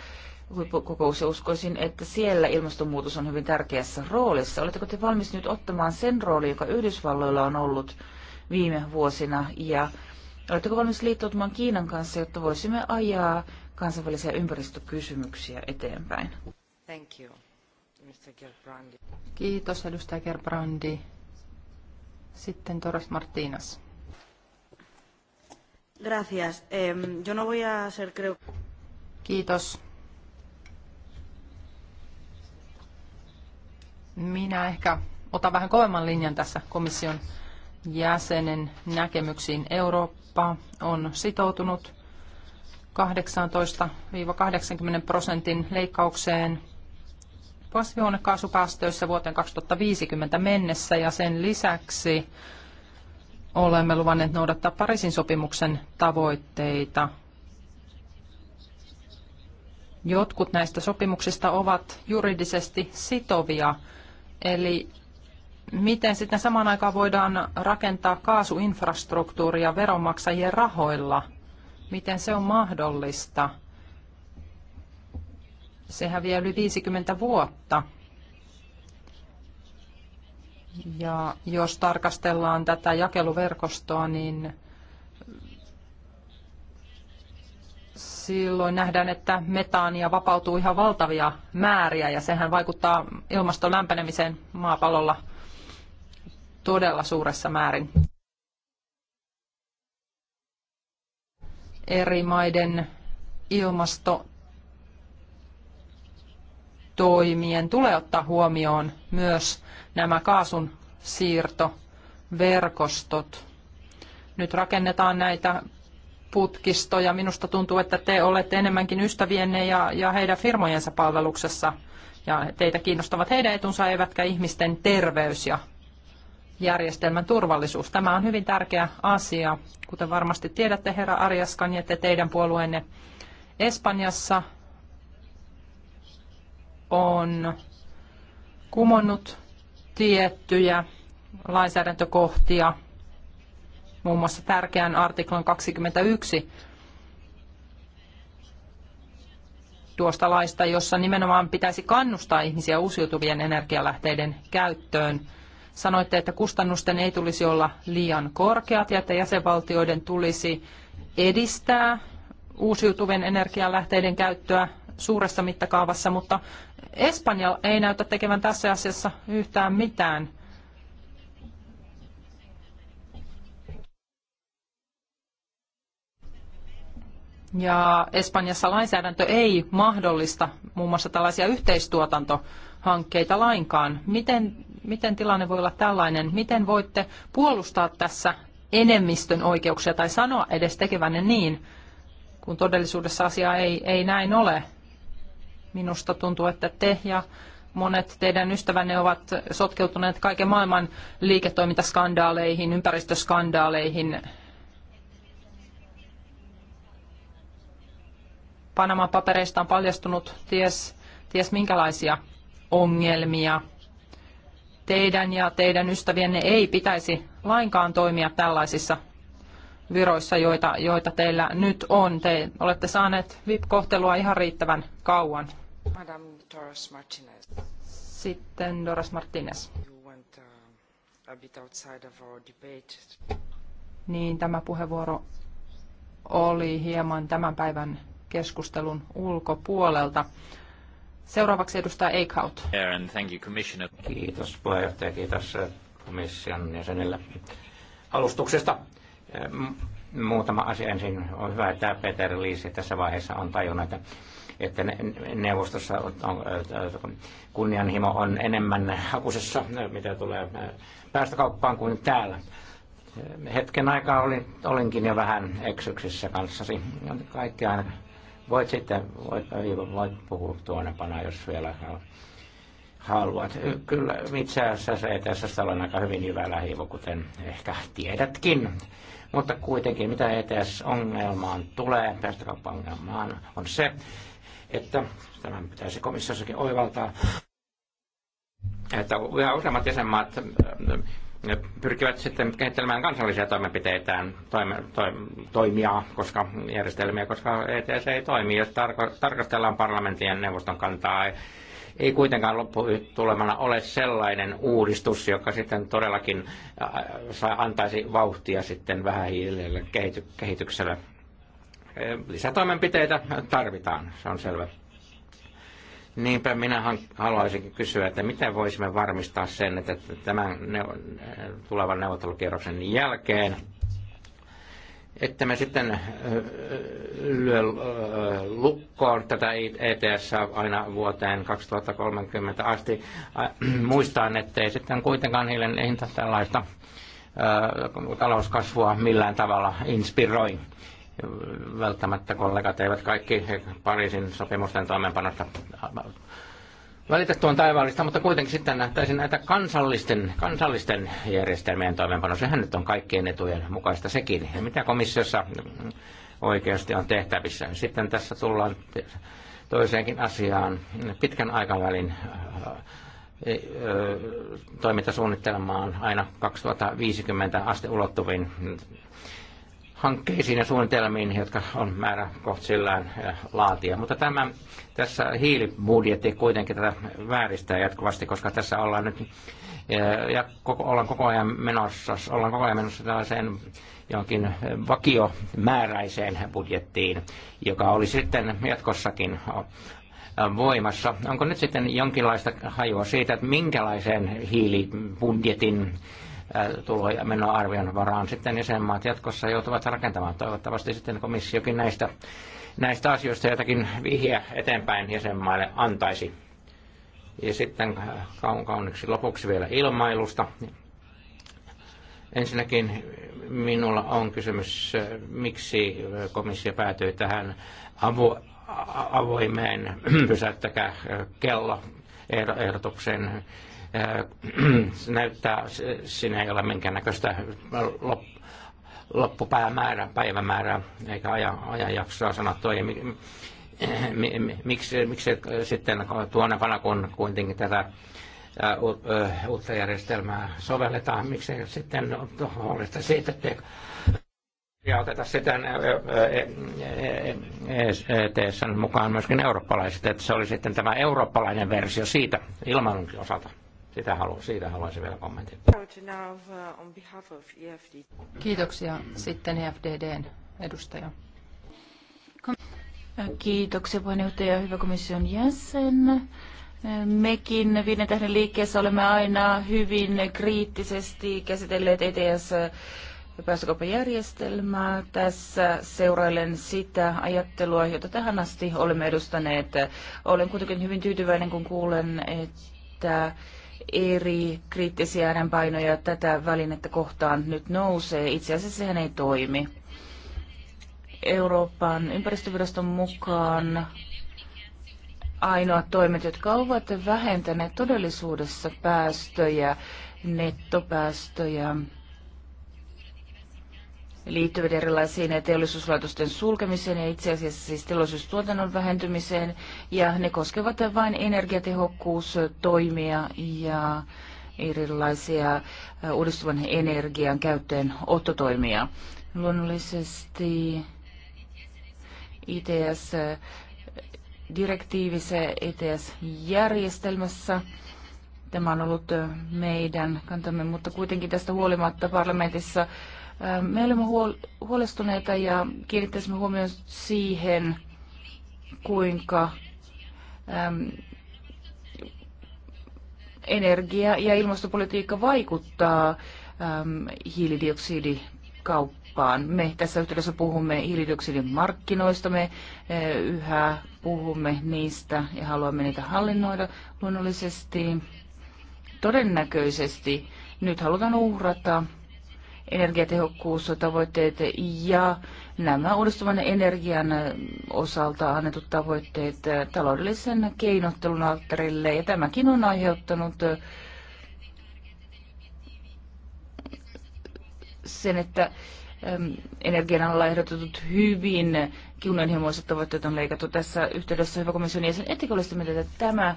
huippukokous ja uskoisin, että siellä ilmastonmuutos on hyvin tärkeässä roolissa. Oletteko te valmis nyt ottamaan sen rooli, joka Yhdysvalloilla on ollut viime vuosina ja oletteko valmis liittoutumaan Kiinan kanssa, jotta voisimme ajaa kansainvälisiä ympäristökysymyksiä eteenpäin? Thank you. Kiitos, edustaja Gerbrandi. Sitten Torres Martínez. Gracias. Eh, yo no voy a ser, creo... Kiitos. Minä ehkä otan vähän kovemman linjan tässä komission jäsenen näkemyksiin. Eurooppa on sitoutunut 18-80 prosentin leikkaukseen kasvihuonekaasupäästöissä vuoteen 2050 mennessä ja sen lisäksi olemme luvanneet noudattaa Pariisin sopimuksen tavoitteita. Jotkut näistä sopimuksista ovat juridisesti sitovia, eli miten sitten samaan aikaan voidaan rakentaa kaasuinfrastruktuuria veronmaksajien rahoilla? Miten se on mahdollista? sehän häviää yli 50 vuotta. Ja jos tarkastellaan tätä jakeluverkostoa, niin silloin nähdään, että metaania vapautuu ihan valtavia määriä ja sehän vaikuttaa ilmaston lämpenemiseen maapallolla todella suuressa määrin. Eri maiden ilmasto toimien tulee ottaa huomioon myös nämä kaasun siirtoverkostot. Nyt rakennetaan näitä putkistoja. Minusta tuntuu, että te olette enemmänkin ystävienne ja, ja heidän firmojensa palveluksessa. Ja teitä kiinnostavat heidän etunsa, eivätkä ihmisten terveys ja järjestelmän turvallisuus. Tämä on hyvin tärkeä asia. Kuten varmasti tiedätte, herra Arjaskan, että teidän puolueenne Espanjassa on kumonnut tiettyjä lainsäädäntökohtia, muun muassa tärkeän artiklan 21 tuosta laista, jossa nimenomaan pitäisi kannustaa ihmisiä uusiutuvien energialähteiden käyttöön. Sanoitte, että kustannusten ei tulisi olla liian korkeat ja että jäsenvaltioiden tulisi edistää uusiutuvien energialähteiden käyttöä suuressa mittakaavassa, mutta Espanja ei näytä tekevän tässä asiassa yhtään mitään. Ja Espanjassa lainsäädäntö ei mahdollista muun muassa tällaisia yhteistuotantohankkeita lainkaan. Miten, miten tilanne voi olla tällainen? Miten voitte puolustaa tässä enemmistön oikeuksia tai sanoa edes tekevänne niin, kun todellisuudessa asia ei, ei näin ole? Minusta tuntuu, että te ja monet teidän ystävänne ovat sotkeutuneet kaiken maailman liiketoimintaskandaaleihin, ympäristöskandaaleihin. Panaman papereista on paljastunut ties, ties minkälaisia ongelmia. Teidän ja teidän ystävienne ei pitäisi lainkaan toimia tällaisissa viroissa, joita, joita teillä nyt on. Te olette saaneet VIP-kohtelua ihan riittävän kauan. Madame Martinez. Sitten Doras Martinez. Went, uh, niin, tämä puheenvuoro oli hieman tämän päivän keskustelun ulkopuolelta. Seuraavaksi edustaja Eichhout. Kiitos puheenjohtaja, kiitos äh, komission jäsenille alustuksesta. Muutama asia ensin. On hyvä, että Peter Liisi tässä vaiheessa on tajunnut, että että neuvostossa on, kunnianhimo on enemmän hakusessa, mitä tulee päästökauppaan kuin täällä. Hetken aikaa olin, olinkin jo vähän eksyksissä kanssasi. Kaikki aina. Voit sitten, voit, voit puhua tuonepana, jos vielä haluat. Kyllä itse asiassa e tässä on aika hyvin hyvä lähivo, kuten ehkä tiedätkin. Mutta kuitenkin mitä ETS-ongelmaan tulee, päästökauppa-ongelmaan, on se, että tämän pitäisi komissiossakin oivaltaa, että yhä useammat jäsenmaat äh, äh, pyrkivät sitten kehittelemään kansallisia toimenpiteitään, toime, to, toimia, koska järjestelmiä, koska ETS ei toimi. Jos tarko, tarkastellaan parlamentin ja neuvoston kantaa ei kuitenkaan lopputulemana ole sellainen uudistus, joka sitten todellakin äh, antaisi vauhtia sitten vähähiilelle kehitykselle. Äh, lisätoimenpiteitä tarvitaan, se on selvä. Niinpä minä haluaisin kysyä, että miten voisimme varmistaa sen, että tämän tulevan neuvottelukierroksen jälkeen että me sitten äh, lyö äh, lukkoon tätä ETS aina vuoteen 2030 asti. Äh, muistaan, ettei sitten kuitenkaan hiilen hinta tällaista talouskasvua millään tavalla inspiroi. Välttämättä kollegat eivät kaikki Pariisin sopimusten toimeenpanosta Valitettu on taivaallista, mutta kuitenkin sitten nähtäisiin näitä kansallisten, kansallisten järjestelmien toimeenpano. Sehän nyt on kaikkien etujen mukaista sekin. Ja mitä komissiossa oikeasti on tehtävissä. Sitten tässä tullaan toiseenkin asiaan, pitkän aikavälin toimintasuunnitelmaan aina 2050 asti ulottuviin hankkeisiin ja suunnitelmiin, jotka on määrä kohtsillään laatia. Mutta tämä, tässä hiilibudjetti kuitenkin tätä vääristää jatkuvasti, koska tässä ollaan nyt ja koko, ollaan koko ajan menossa, ollaan koko ajan menossa tällaiseen jonkin vakiomääräiseen budjettiin, joka oli sitten jatkossakin voimassa. Onko nyt sitten jonkinlaista hajua siitä, että minkälaisen hiilibudjetin tulo- ja menoarvion varaan sitten jäsenmaat jatkossa joutuvat rakentamaan. Toivottavasti sitten komissiokin näistä, näistä asioista jotakin vihjeä eteenpäin jäsenmaille antaisi. Ja sitten kaun kauniksi lopuksi vielä ilmailusta. Ensinnäkin minulla on kysymys, miksi komissio päätyi tähän avo, avoimeen (clears throat) pysäyttäkää kello ehdotukseen. (clears throat) näyttää, siinä ei ole minkäännäköistä loppupäämäärää, päivämäärää eikä ajan, ajanjaksoa sanottua. Ja miksi, miksi äh, sitten tuonnepana, kun kuitenkin tätä äh, äh, uutta järjestelmää sovelletaan, miksi sitten huolesta siitä, että ja oteta sitten e ETS mukaan myöskin eurooppalaiset, että se oli sitten tämä eurooppalainen versio siitä ilmailunkin osalta. Sitä haluan, siitä haluaisin vielä kommentin. Kiitoksia sitten EFDDn edustaja. Kiitoksia puheenjohtaja hyvä komission jäsen. Mekin viiden tähden liikkeessä olemme aina hyvin kriittisesti käsitelleet ETS päästökauppajärjestelmää. Tässä seurailen sitä ajattelua, jota tähän asti olemme edustaneet. Olen kuitenkin hyvin tyytyväinen, kun kuulen, että eri kriittisiä äänenpainoja tätä välinettä kohtaan nyt nousee. Itse asiassa sehän ei toimi. Euroopan ympäristöviraston mukaan ainoat toimet, jotka ovat vähentäneet todellisuudessa päästöjä, nettopäästöjä, liittyvät erilaisiin teollisuuslaitosten sulkemiseen ja itse asiassa siis teollisuustuotannon vähentymiseen. Ja ne koskevat vain energiatehokkuustoimia ja erilaisia uudistuvan energian käyttöön ottotoimia. Luonnollisesti ITS-direktiivissä ITS-järjestelmässä tämä on ollut meidän kantamme, mutta kuitenkin tästä huolimatta parlamentissa me olemme huolestuneita ja kiinnittäisimme huomioon siihen, kuinka energia- ja ilmastopolitiikka vaikuttaa hiilidioksidikauppaan. Me tässä yhteydessä puhumme hiilidioksidin markkinoista, me eh, yhä puhumme niistä ja haluamme niitä hallinnoida luonnollisesti. Todennäköisesti nyt halutaan uhrata energiatehokkuustavoitteet ja nämä uudistuvan energian osalta annetut tavoitteet taloudellisen keinottelun alttarille. Ja tämäkin on aiheuttanut sen, että energian alla ehdotetut hyvin kunnianhimoiset tavoitteet on leikattu tässä yhteydessä hyvä komission jäsen. Ettekö ole sitä mieltä, että tämä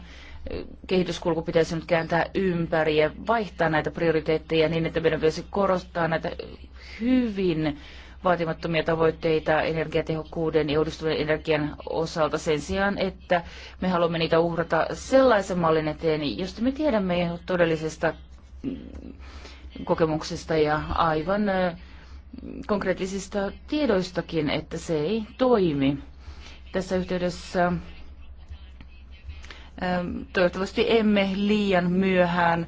kehityskulku pitäisi nyt kääntää ympäri ja vaihtaa näitä prioriteetteja niin, että meidän pitäisi korostaa näitä hyvin vaatimattomia tavoitteita energiatehokkuuden ja uudistuvan energian osalta sen sijaan, että me haluamme niitä uhrata sellaisen mallin eteen, josta me tiedämme todellisesta kokemuksesta ja aivan konkreettisista tiedoistakin, että se ei toimi. Tässä yhteydessä Toivottavasti emme liian myöhään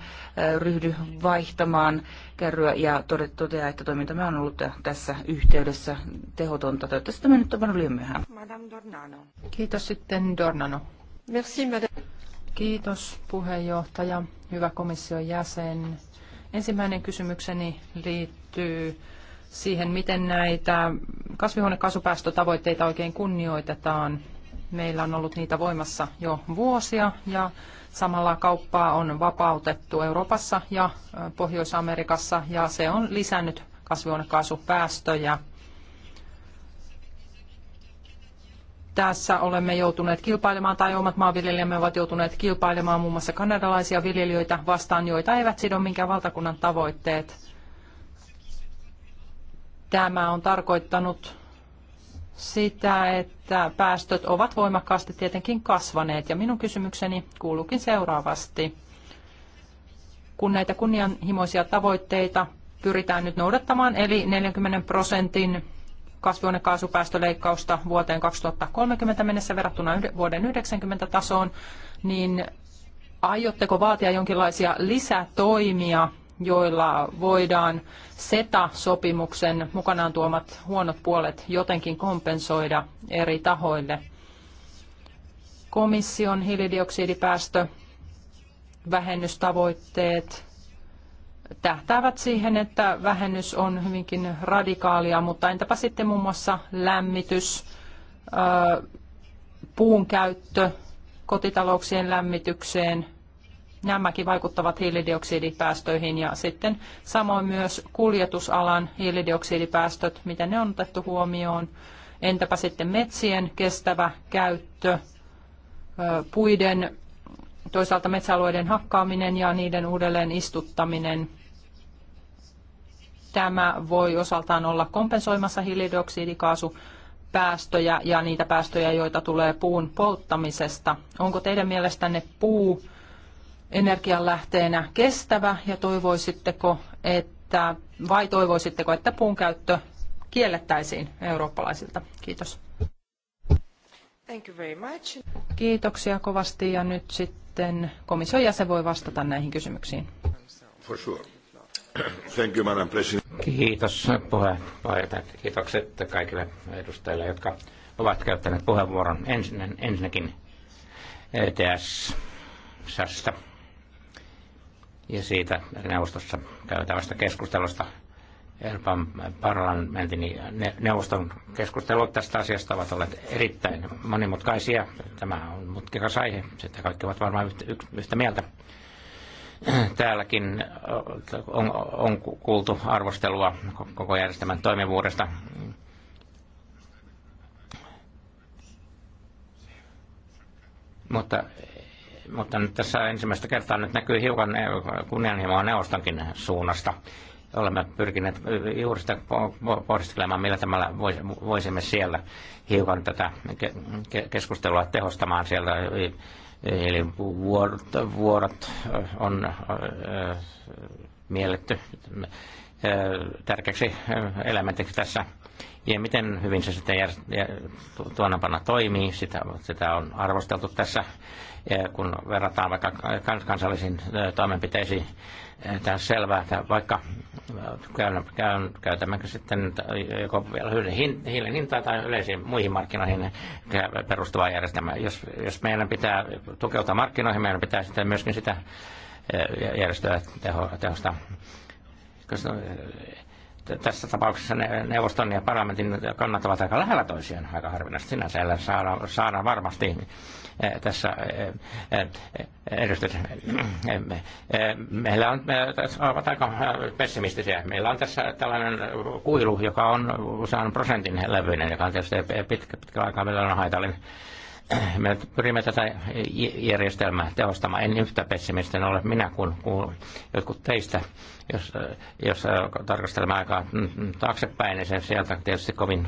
ryhdy vaihtamaan kärryä ja toteaa, että toimintamme on ollut tässä yhteydessä tehotonta. Toivottavasti tämä nyt on liian myöhään. Kiitos sitten Dornano. Merci, madame. Kiitos puheenjohtaja, hyvä komission jäsen. Ensimmäinen kysymykseni liittyy siihen, miten näitä kasvihuonekaasupäästötavoitteita oikein kunnioitetaan. Meillä on ollut niitä voimassa jo vuosia ja samalla kauppaa on vapautettu Euroopassa ja Pohjois-Amerikassa ja se on lisännyt kasvihuonekaasupäästöjä. Tässä olemme joutuneet kilpailemaan tai omat maanviljelijämme ovat joutuneet kilpailemaan muun muassa kanadalaisia viljelijöitä vastaan, joita eivät sido minkään valtakunnan tavoitteet. Tämä on tarkoittanut sitä, että päästöt ovat voimakkaasti tietenkin kasvaneet. Ja minun kysymykseni kuuluukin seuraavasti. Kun näitä kunnianhimoisia tavoitteita pyritään nyt noudattamaan, eli 40 prosentin kasvihuonekaasupäästöleikkausta vuoteen 2030 mennessä verrattuna vuoden 90 tasoon, niin aiotteko vaatia jonkinlaisia lisätoimia joilla voidaan SETA-sopimuksen mukanaan tuomat huonot puolet jotenkin kompensoida eri tahoille. Komission hiilidioksidipäästö vähennystavoitteet tähtäävät siihen, että vähennys on hyvinkin radikaalia, mutta entäpä sitten muun muassa lämmitys, puun käyttö kotitalouksien lämmitykseen – nämäkin vaikuttavat hiilidioksidipäästöihin ja sitten samoin myös kuljetusalan hiilidioksidipäästöt, miten ne on otettu huomioon. Entäpä sitten metsien kestävä käyttö, puiden, toisaalta metsäalueiden hakkaaminen ja niiden uudelleen istuttaminen. Tämä voi osaltaan olla kompensoimassa hiilidioksidikaasu päästöjä ja niitä päästöjä, joita tulee puun polttamisesta. Onko teidän mielestänne puu energianlähteenä kestävä ja toivoisitteko, että, vai toivoisitteko, että puun käyttö kiellettäisiin eurooppalaisilta? Kiitos. Thank you very much. Kiitoksia kovasti ja nyt sitten komission jäsen voi vastata näihin kysymyksiin. For sure. Thank you, Madam President. Kiitos puheenjohtaja. Kiitokset kaikille edustajille, jotka ovat käyttäneet puheenvuoron ensin, ensinnäkin ETS-sästä ja siitä neuvostossa käytävästä keskustelusta. Euroopan parlamentin neuvoston keskustelut tästä asiasta ovat olleet erittäin monimutkaisia. Tämä on mutkikas aihe, sitä kaikki ovat varmaan yhtä mieltä. Täälläkin on, on kuultu arvostelua koko järjestelmän toimivuudesta. Mutta mutta nyt tässä ensimmäistä kertaa nyt näkyy hiukan eh, kunnianhimoa neuvostonkin suunnasta. Olemme pyrkineet eh, juuri sitä pohdiskelemaan, millä tavalla voisimme siellä hiukan tätä keskustelua tehostamaan siellä. Eh, eli vuorot, vuorot on mielletty tärkeäksi elementiksi tässä ja miten hyvin se sitten tuonapana toimii, sitä, sitä on arvosteltu tässä, kun verrataan vaikka kansallisiin toimenpiteisiin. Tämä on selvää, että vaikka käytämmekö sitten joko vielä hiilen hintaa tai yleisiin muihin markkinoihin niin perustuvaa järjestelmää. Jos, jos meidän pitää tukeutua markkinoihin, meidän pitää sitten myöskin sitä järjestöä tehosta tässä tapauksessa neuvoston ja parlamentin kannat ovat aika lähellä toisiaan aika harvinaista. Sinänsä saadaan, saadaan varmasti eh, tässä eh, eh, edustus. Meillä on, tässä ovat aika pessimistisiä. Meillä on tässä tällainen kuilu, joka on usean prosentin levyinen, joka on tietysti pitkä, pitkä aikaa meillä on haitallinen me pyrimme tätä järjestelmää tehostamaan. En yhtä pessimistinen ole minä kuin, kuin jotkut teistä, jos, jos tarkastelemme aikaa taaksepäin, niin se sieltä tietysti kovin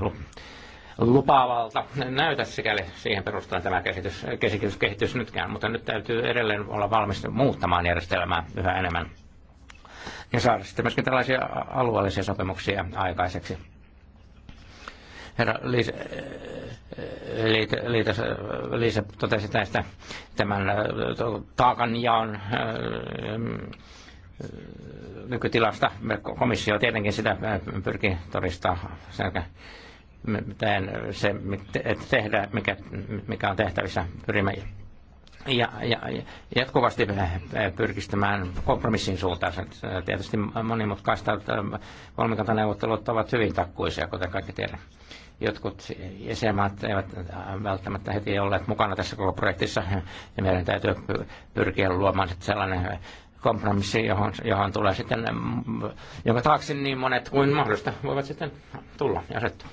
lupaavalta näytä, sikäli siihen perustaan tämä käsitys, käsitys, kehitys nytkään, mutta nyt täytyy edelleen olla valmis muuttamaan järjestelmää yhä enemmän ja saada sitten myöskin tällaisia alueellisia sopimuksia aikaiseksi Herra Liisa, Liisa, Liisa, Liisa totesi näistä tämän äh, taakanjaon äh, äh, nykytilasta. Komissio tietenkin sitä pyrkii todistaa selkä miten se että tehdä, mikä, mikä on tehtävissä. Pyrimme ja, ja, jatkuvasti pyrkistämään kompromissin suuntaan. Tietysti monimutkaista kolmikantaneuvottelut ovat hyvin takkuisia, kuten kaikki tiedämme jotkut jäsenmaat eivät välttämättä heti olleet mukana tässä koko projektissa, ja meidän täytyy pyrkiä luomaan sellainen kompromissi, johon, johon tulee sitten, jonka taakse niin monet kuin mahdollista voivat sitten tulla ja asettua.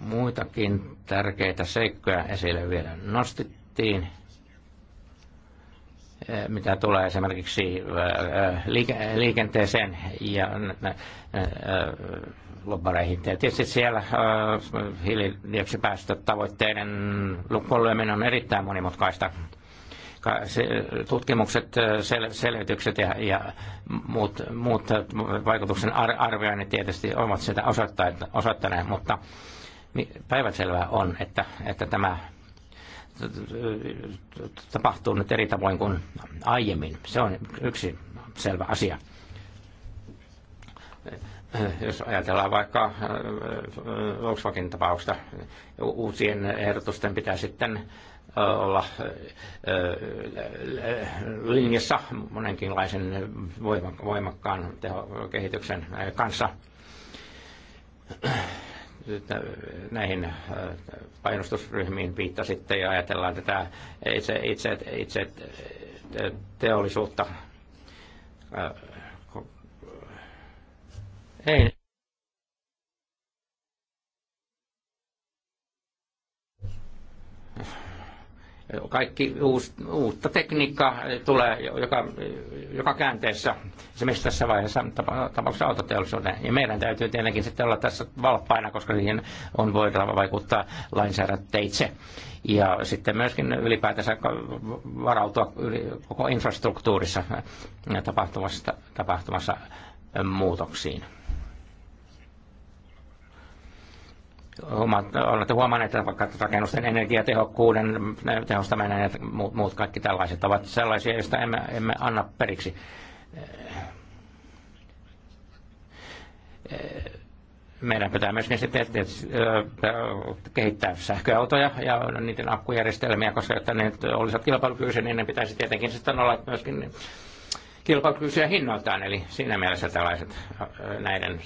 Muitakin tärkeitä seikkoja esille vielä nostettiin. Eh, mitä tulee esimerkiksi eh, eh, liikenteeseen ja lobbareihin. Tietysti siellä hiilidioksipäästötavoitteiden lukkolyöminen on erittäin monimutkaista. Tutkimukset, sel, selvitykset ja, ja muut, muut vaikutuksen arvioinnit tietysti ovat sitä osoittaneet, mutta päivänselvää on, että, että tämä tapahtuu nyt eri tavoin kuin aiemmin. Se on yksi selvä asia. Jos ajatellaan vaikka äh, Volkswagen tapausta, uusien ehdotusten pitää sitten äh, olla äh, linjassa monenkinlaisen voimakkaan teho- kehityksen kanssa näihin äh, painostusryhmiin viittasitte ja ajatellaan tätä itse, itse, itse äh, teollisuutta. Äh, Ei, Kaikki uus, uutta tekniikkaa tulee joka, joka käänteessä, esimerkiksi tässä vaiheessa tapauksessa autoteollisuuden. Ja meidän täytyy tietenkin sitten olla tässä valppaina, koska siihen on voitava vaikuttaa lainsäädäntöitse. Ja sitten myöskin ylipäätänsä varautua koko infrastruktuurissa äh, tapahtumassa, tapahtuvassa äh, muutoksiin. olette huomanneet, että vaikka tuota rakennusten energiatehokkuuden tehostaminen ja muut, kaikki tällaiset ovat sellaisia, joista emme, emme anna periksi. Meidän pitää myöskin sitten kehittää sähköautoja ja niiden akkujärjestelmiä, koska jotta ne olisivat kilpailukykyisiä, niin ne pitäisi tietenkin sitten olla myöskin kilpailukykyisiä hinnoiltaan. Eli siinä mielessä tällaiset näiden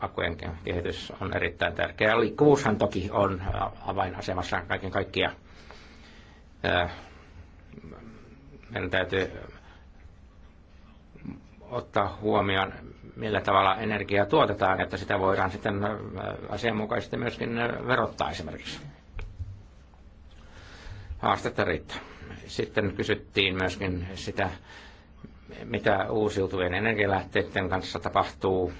akkujen kehitys on erittäin tärkeää. Liikkuvuushan toki on äh, avainasemassa kaiken kaikkiaan. Äh, meidän täytyy ottaa huomioon, millä tavalla energiaa tuotetaan, että sitä voidaan sitten äh, asianmukaisesti myöskin verottaa esimerkiksi. Haastetta riittää. Sitten kysyttiin myöskin sitä, mitä uusiutuvien energialähteiden kanssa tapahtuu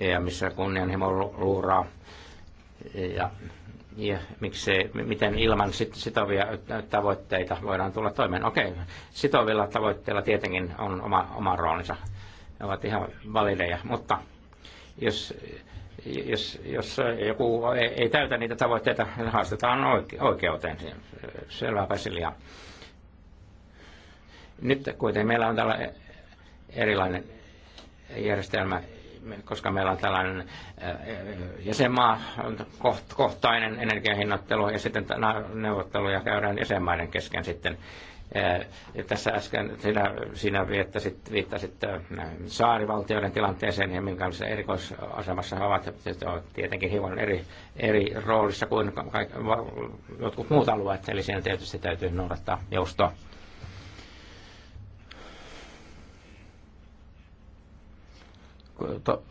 ja e missä kunnianhimo luuraa. Ja, ja miksei, miten ilman sit, sitovia tavoitteita voidaan tulla toimeen. Okei, sitovilla tavoitteilla tietenkin on oma, oma roolinsa. Ne ovat ihan valideja, mutta jos, jos, jos joku ei, ei täytä niitä tavoitteita, niin haastetaan oikeuteen. Selvä Basilia. Nyt kuitenkin meillä on tällä erilainen järjestelmä, koska meillä on tällainen eh, jäsenmaa energiahinnattelu ja sitten neuvotteluja käydään jäsenmaiden kesken sitten. Eh, ja tässä äsken sinä sinä viittasit, viittasit eh, saarivaltioiden tilanteeseen ja minkälaisessa erikoisasemassa he ovat. Se on tietenkin hieman eri, eri roolissa kuin kaik, jotkut muut alueet, eli siinä tietysti täytyy noudattaa joustoa. to,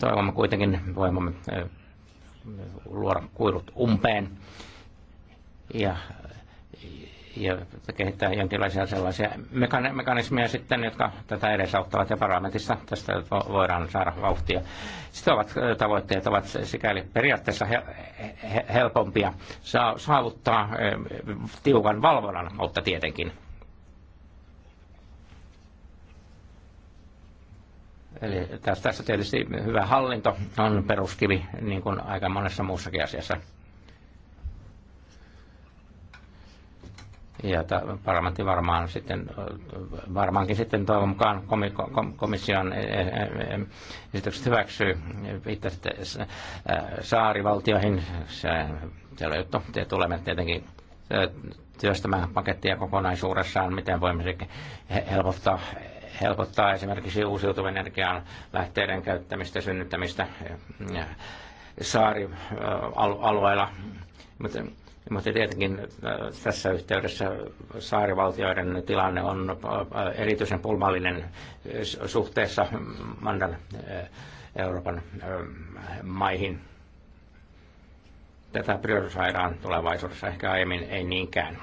toivomme kuitenkin voimamme luoda kuilut umpeen ja, ja kehittää jonkinlaisia sellaisia mekanismeja sitten, jotka tätä edesauttavat ja parlamentissa tästä voidaan saada vauhtia. Sitten ovat tavoitteet ovat sikäli periaatteessa helpompia saavuttaa tiukan valvonnan kautta tietenkin. Eli tässä tietysti hyvä hallinto on peruskivi, niin kuin aika monessa muussakin asiassa. Ja parlamentti varmaan sitten, varmaankin sitten toivon mukaan komission e, e, e, esitykset hyväksyy. Viittasitte saarivaltioihin. Se, se juttu. Te tulemme tietenkin työstämään pakettia kokonaisuudessaan, miten voimme helpottaa helpottaa esimerkiksi uusiutuvan energian lähteiden käyttämistä, synnyttämistä saarialueilla. Mutta, mutta tietenkin äh, tässä yhteydessä saarivaltioiden tilanne on äh, erityisen pulmallinen äh, suhteessa Mandan Euroopan maihin. Tätä priorisoidaan tulevaisuudessa ehkä aiemmin, ei niinkään.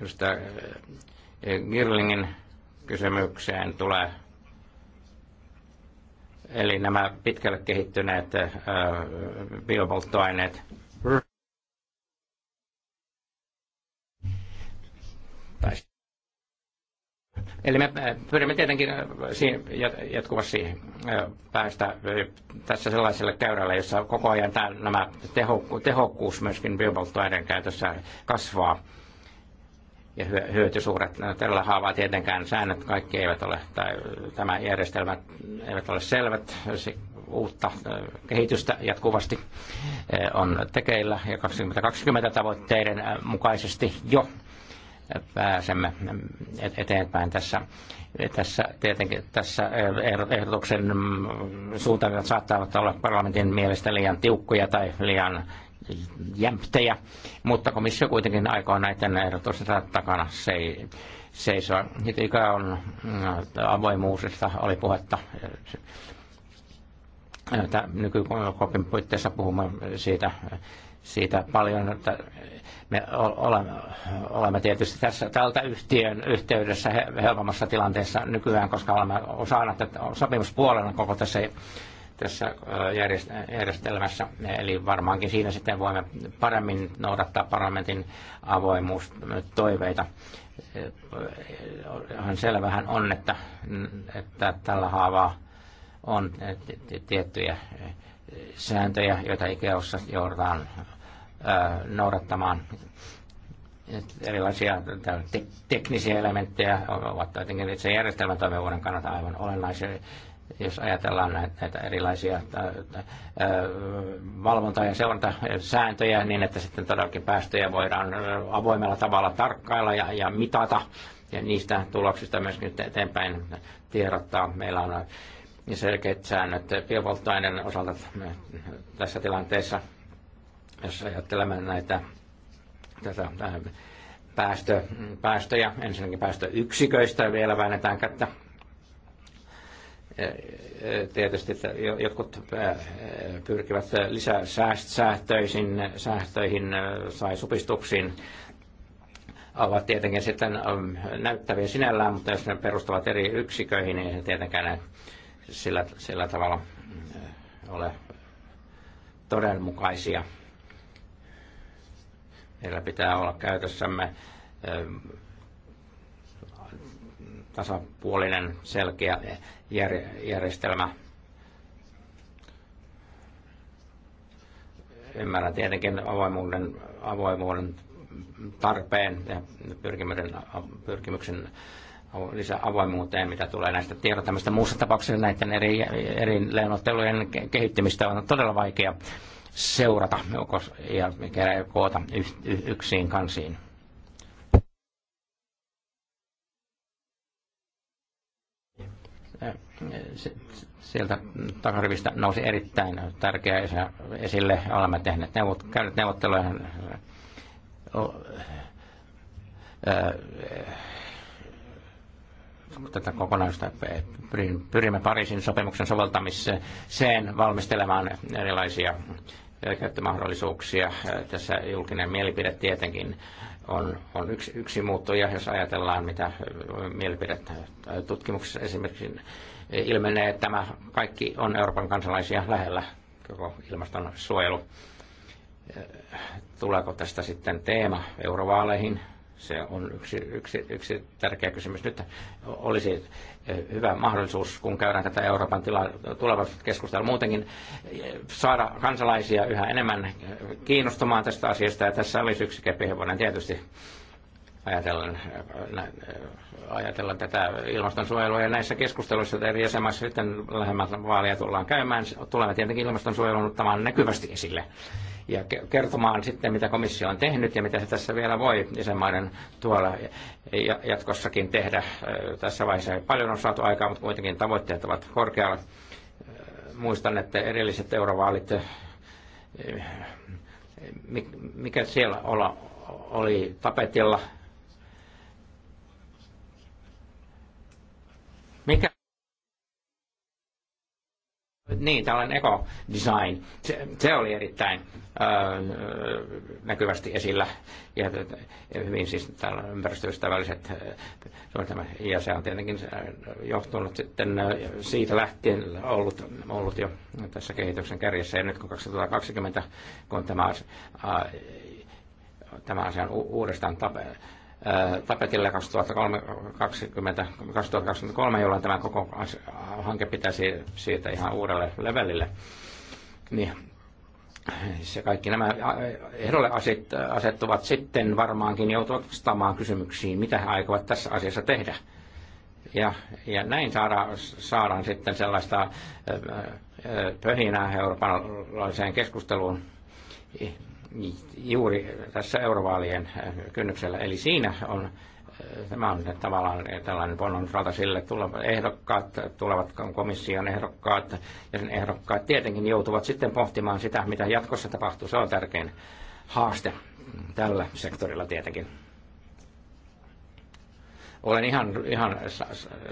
Josta eh, eh, Girlingin kysymykseen tulee. Eli nämä pitkälle kehittyneet eh, biopolttoaineet. Eli me pyrimme tietenkin jatkuvasti päästä tässä sellaiselle käyrälle, jossa koko ajan tämä, nämä tehokkuus myöskin biopolttoaineiden käytössä kasvaa ja hyöty No, Tällä haavaa tietenkään säännöt kaikki eivät ole, tai tämä järjestelmä eivät ole selvät. Uutta kehitystä jatkuvasti on tekeillä ja 2020 tavoitteiden mukaisesti jo pääsemme eteenpäin tässä. Tässä, tietenkin, tässä ehdotuksen suuntaan saattavat olla parlamentin mielestä liian tiukkoja tai liian jämptejä, mutta komissio kuitenkin aikoo näiden ehdotusten takana se ei seisoa. Nyt ikä on äh, avoimuusista, oli puhetta äh, nykykopin puitteissa puhumme siitä, siitä paljon, että me olemme, olemme tietysti tässä, tältä yhtiön yhteydessä helpommassa tilanteessa nykyään, koska olemme osana sopimuspuolena koko tässä tässä järjestelmässä. Eli varmaankin siinä sitten voimme paremmin noudattaa parlamentin avoimuustoiveita. On selvähän on, että, että tällä haavaa on tiettyjä sääntöjä, joita Ikeossa joudutaan noudattamaan. Erilaisia teknisiä elementtejä ovat tietenkin itse järjestelmän toimivuuden kannalta aivan olennaisia jos ajatellaan näitä erilaisia äh, äh, valvonta- ja seurantasääntöjä niin, että sitten todellakin päästöjä voidaan äh, avoimella tavalla tarkkailla ja, ja mitata ja niistä tuloksista myöskin eteenpäin tiedottaa. Meillä on selkeät säännöt biopolttoaineen osalta tässä tilanteessa, jos ajattelemme näitä tätä, päästö, päästöjä, ensinnäkin päästöyksiköistä vielä väännetään kättä tietysti jotkut äh, pyrkivät lisäsäästöihin säästöihin äh, sai supistuksiin ovat tietenkin sitten ähm, näyttäviä sinällään, mutta jos ne perustuvat eri yksiköihin, niin se tietenkään sillä, sillä tavalla äh, ole todenmukaisia. Meillä pitää olla käytössämme tasapuolinen, selkeä jär, järjestelmä. Ymmärrän tietenkin avoimuuden, avoimuuden tarpeen ja pyrkimyksen, pyrkimyksen lisää avoimuuteen, mitä tulee näistä tiedotamista. Muussa tapauksessa näiden eri, eri lennottelujen kehittymistä on todella vaikea seurata ja koota yksiin kansiin. Äh, sieltä takarivistä nousi erittäin tärkeä esille. Olemme tehneet neuvot, käyneet neuvotteluja äh, äh, tätä kokonaista pyrimme Pariisin sopimuksen soveltamiseen valmistelemaan erilaisia käyttömahdollisuuksia. Tässä julkinen mielipide tietenkin on, on yksi, yksi muuttuja, jos ajatellaan, mitä mielipidettä tutkimuksessa esimerkiksi ilmenee, että tämä kaikki on Euroopan kansalaisia lähellä, koko ilmaston suojelu. Tuleeko tästä sitten teema eurovaaleihin se on yksi, yksi, yksi tärkeä kysymys. Nyt olisi hyvä mahdollisuus, kun käydään tätä Euroopan tila, tulevaisuutta keskustelua muutenkin, saada kansalaisia yhä enemmän kiinnostumaan tästä asiasta. Ja tässä olisi yksi kepihevonen tietysti ajatellen ajatellen tätä ilmastonsuojelua ja näissä keskusteluissa eri jäsenmaissa sitten lähemmät vaalia tullaan käymään, tulemme tietenkin ilmastonsuojelun ottamaan näkyvästi esille ja kertomaan sitten, mitä komissio on tehnyt ja mitä se tässä vielä voi jäsenmaiden tuolla jatkossakin tehdä. Tässä vaiheessa ei paljon on saatu aikaa, mutta kuitenkin tavoitteet ovat korkealla. Muistan, että erilliset eurovaalit, mikä siellä oli tapetilla – Niin, tällainen eco-design, se, se oli erittäin öö, näkyvästi esillä. Ja, hyvin siis tällä ympäristöystävälliset, ja se on tietenkin johtunut sitten siitä lähtien ollut, ollut jo tässä kehityksen kärjessä. Ja nyt kun 2020, kun tämä, ää, tämä asia on uudestaan tapetille 2023, jolloin tämä koko hanke pitäisi siitä ihan uudelle levelille. Niin se kaikki nämä ehdolle asettuvat sitten varmaankin joutuvat vastaamaan kysymyksiin, mitä he aikovat tässä asiassa tehdä. Ja, ja näin saada, saadaan sitten sellaista pöhinää eurooppalaiseen keskusteluun juuri tässä eurovaalien äh, kynnyksellä. Eli siinä on äh, tämä on tavallaan äh, tällainen ponnonrata sille, tulevat ehdokkaat, tulevat komission ehdokkaat ja sen ehdokkaat tietenkin joutuvat sitten pohtimaan sitä, mitä jatkossa tapahtuu. Se on tärkein haaste tällä sektorilla tietenkin. Olen ihan, ihan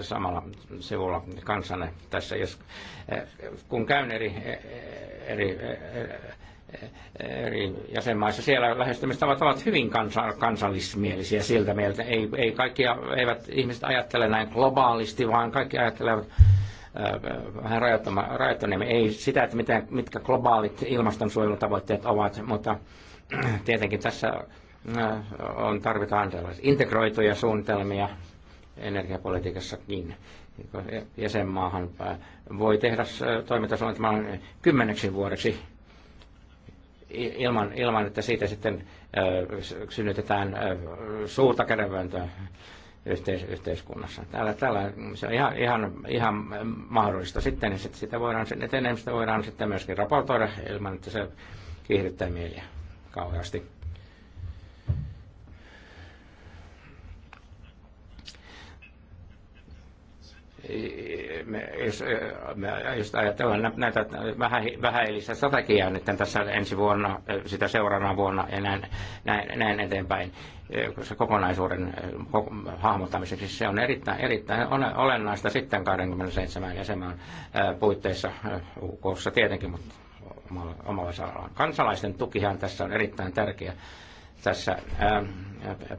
samalla sivulla kanssanne tässä, jos, kun käyn eri, eri, eri eri jäsenmaissa. Siellä lähestymistavat ovat hyvin kansa- kansallismielisiä siltä mieltä. Ei, ei kaikkia, eivät ihmiset ajattele näin globaalisti, vaan kaikki ajattelevat äh, vähän rajoittaneemmin. Ei sitä, että mitä, mitkä globaalit ilmastonsuojelutavoitteet ovat, mutta (clears throat) tietenkin tässä äh, on, tarvitaan integroituja suunnitelmia energiapolitiikassakin. Jäsenmaahan äh, voi tehdä toimintasuunnitelman kymmeneksi vuodeksi ilman, ilman että siitä sitten synnytetään suurta kädenvääntöä yhteis- yhteiskunnassa. Täällä, täällä se on ihan, ihan, ihan mahdollista. Sitten sit sitä voidaan, sen etenemistä voidaan sitten myöskin raportoida ilman, että se kiihdyttää mieliä kauheasti. me, jos, me, ajatellaan näitä vähä, vähäillistä strategiaa nyt tässä ensi vuonna, sitä seuraavana vuonna ja näin, näin, näin eteenpäin, se kokonaisuuden hahmottamiseksi, se on erittäin, erittäin olennaista sitten 27 jäsenmaan puitteissa UKssa tietenkin, mutta omalla, omalla saadaan. Kansalaisten tukihan tässä on erittäin tärkeä tässä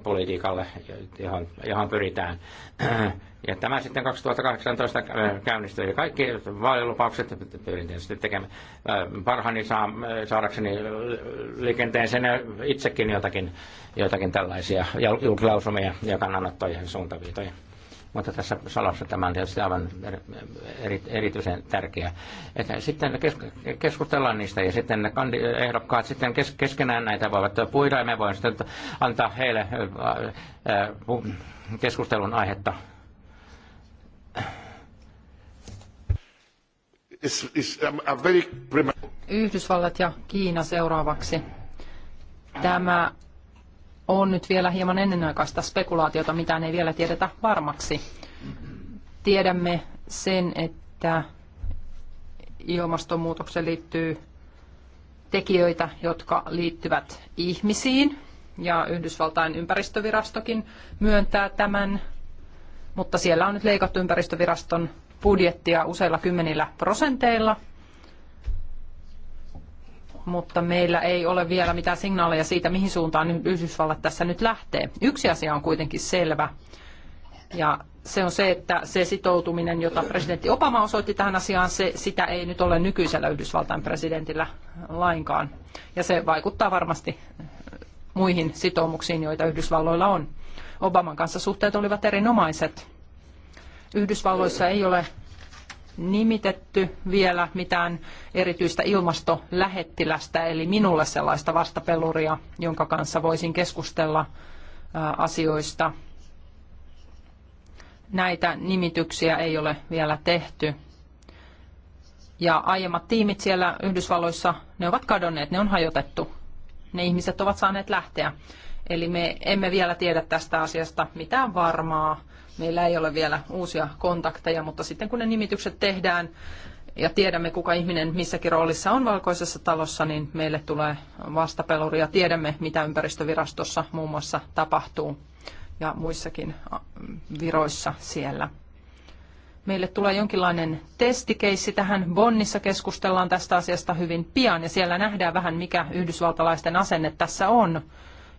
politiikalle, johon, johon pyritään. Ja tämä sitten 2018 käynnistyi. Kaikki vaalilupaukset pyrin tietysti tekemään parhaani saa, saadakseni liikenteeseen itsekin jotakin, jotakin tällaisia julkilausumia ja kannanottoja ja suuntaviitoja mutta tässä salassa tämä on tietysti aivan eri, erityisen tärkeä. Että sitten keskustellaan niistä ja sitten ne ehdokkaat sitten kes, keskenään näitä voivat puida ja me voimme sitten antaa heille keskustelun aihetta. Yhdysvallat ja Kiina seuraavaksi. Tämä on nyt vielä hieman ennenaikaista spekulaatiota, mitä ei vielä tiedetä varmaksi. Tiedämme sen, että ilmastonmuutokseen liittyy tekijöitä, jotka liittyvät ihmisiin, ja Yhdysvaltain ympäristövirastokin myöntää tämän, mutta siellä on nyt leikattu ympäristöviraston budjettia useilla kymmenillä prosenteilla, mutta meillä ei ole vielä mitään signaaleja siitä, mihin suuntaan Yhdysvallat tässä nyt lähtee. Yksi asia on kuitenkin selvä, ja se on se, että se sitoutuminen, jota presidentti Obama osoitti tähän asiaan, se, sitä ei nyt ole nykyisellä Yhdysvaltain presidentillä lainkaan. Ja se vaikuttaa varmasti muihin sitoumuksiin, joita Yhdysvalloilla on. Obaman kanssa suhteet olivat erinomaiset. Yhdysvalloissa ei ole nimitetty vielä mitään erityistä ilmastolähettilästä, eli minulle sellaista vastapeluria, jonka kanssa voisin keskustella asioista. Näitä nimityksiä ei ole vielä tehty. Ja aiemmat tiimit siellä Yhdysvalloissa, ne ovat kadonneet, ne on hajotettu. Ne ihmiset ovat saaneet lähteä. Eli me emme vielä tiedä tästä asiasta mitään varmaa Meillä ei ole vielä uusia kontakteja, mutta sitten kun ne nimitykset tehdään ja tiedämme, kuka ihminen missäkin roolissa on valkoisessa talossa, niin meille tulee vastapeluri ja tiedämme, mitä ympäristövirastossa muun muassa tapahtuu ja muissakin viroissa siellä. Meille tulee jonkinlainen testikeissi tähän. Bonnissa keskustellaan tästä asiasta hyvin pian ja siellä nähdään vähän, mikä yhdysvaltalaisten asenne tässä on.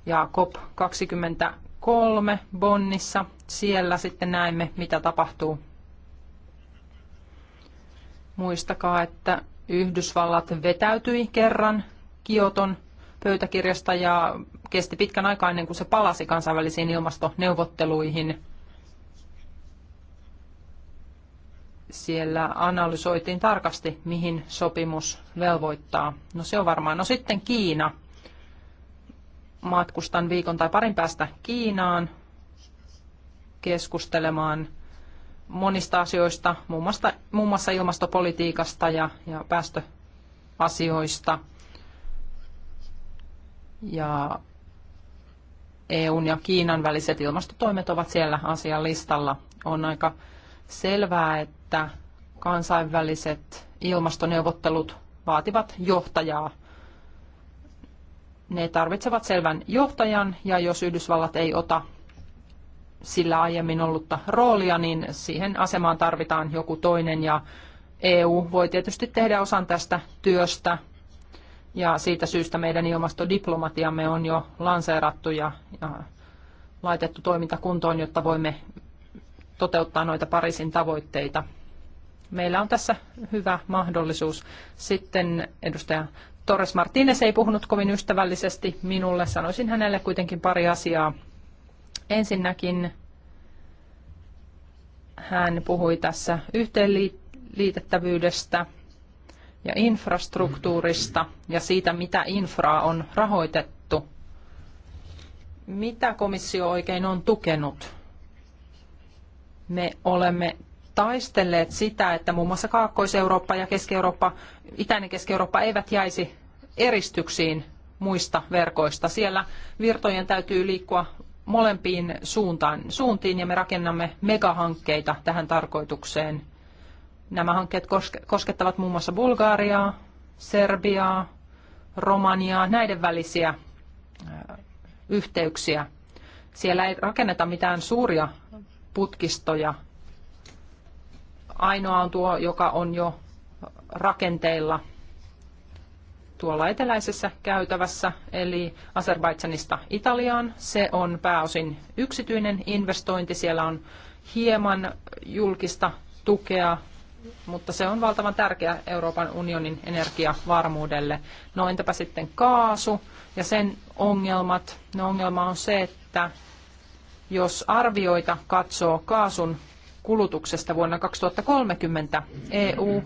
Ja COP20 kolme Bonnissa. Siellä sitten näemme, mitä tapahtuu. Muistakaa, että Yhdysvallat vetäytyi kerran Kioton pöytäkirjasta ja kesti pitkän aikaa ennen kuin se palasi kansainvälisiin ilmastoneuvotteluihin. Siellä analysoitiin tarkasti, mihin sopimus velvoittaa. No se on varmaan. No sitten Kiina matkustan viikon tai parin päästä Kiinaan keskustelemaan monista asioista, muun muassa, muun muassa ilmastopolitiikasta ja, ja päästöasioista. Ja EUn ja Kiinan väliset ilmastotoimet ovat siellä asian listalla. On aika selvää, että kansainväliset ilmastoneuvottelut vaativat johtajaa – ne tarvitsevat selvän johtajan ja jos Yhdysvallat ei ota sillä aiemmin ollutta roolia, niin siihen asemaan tarvitaan joku toinen ja EU voi tietysti tehdä osan tästä työstä ja siitä syystä meidän ilmastodiplomatiamme on jo lanseerattu ja, ja laitettu toimintakuntoon, jotta voimme toteuttaa noita Pariisin tavoitteita. Meillä on tässä hyvä mahdollisuus. Sitten edustaja Torres Martínez ei puhunut kovin ystävällisesti minulle. Sanoisin hänelle kuitenkin pari asiaa. Ensinnäkin hän puhui tässä yhteenliitettävyydestä ja infrastruktuurista ja siitä, mitä infraa on rahoitettu. Mitä komissio oikein on tukenut? Me olemme taistelleet sitä, että muun muassa Kaakkois-Eurooppa ja Keski-Eurooppa, Itäinen Keski-Eurooppa eivät jäisi eristyksiin muista verkoista. Siellä virtojen täytyy liikkua molempiin suuntaan, suuntiin ja me rakennamme megahankkeita tähän tarkoitukseen. Nämä hankkeet koskettavat muun muassa Bulgariaa, Serbiaa, Romaniaa, näiden välisiä äh, yhteyksiä. Siellä ei rakenneta mitään suuria putkistoja, ainoa on tuo, joka on jo rakenteilla tuolla eteläisessä käytävässä, eli Azerbaidsanista Italiaan. Se on pääosin yksityinen investointi. Siellä on hieman julkista tukea, mutta se on valtavan tärkeä Euroopan unionin energiavarmuudelle. No entäpä sitten kaasu ja sen ongelmat? No ongelma on se, että jos arvioita katsoo kaasun kulutuksesta vuonna 2030 EU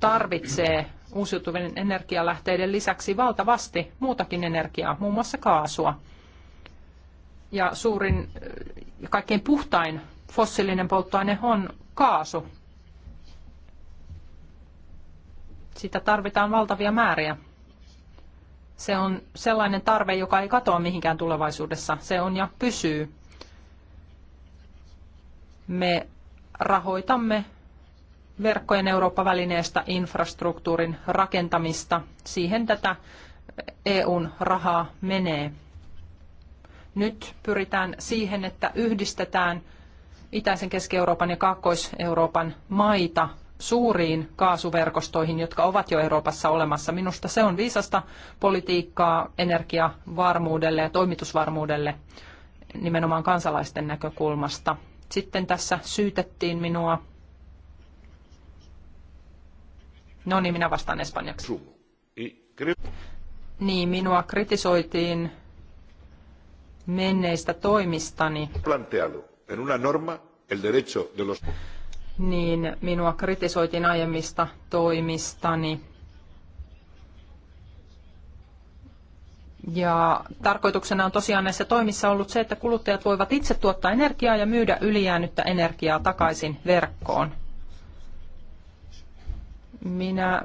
tarvitsee uusiutuvien energialähteiden lisäksi valtavasti muutakin energiaa, muun muassa kaasua. Ja suurin, kaikkein puhtain fossiilinen polttoaine on kaasu. Sitä tarvitaan valtavia määriä. Se on sellainen tarve, joka ei katoa mihinkään tulevaisuudessa. Se on ja pysyy me rahoitamme verkkojen Eurooppa-välineestä infrastruktuurin rakentamista. Siihen tätä EUn rahaa menee. Nyt pyritään siihen, että yhdistetään itäisen Keski-Euroopan ja Kaakkois-Euroopan maita suuriin kaasuverkostoihin, jotka ovat jo Euroopassa olemassa. Minusta se on viisasta politiikkaa energiavarmuudelle ja toimitusvarmuudelle nimenomaan kansalaisten näkökulmasta sitten tässä syytettiin minua. No niin, minä vastaan espanjaksi. Niin, minua kritisoitiin menneistä toimistani. en una norma el derecho de los... Niin, minua kritisoitiin aiemmista toimistani Ja tarkoituksena on tosiaan näissä toimissa ollut se, että kuluttajat voivat itse tuottaa energiaa ja myydä ylijäänyttä energiaa takaisin verkkoon. Minä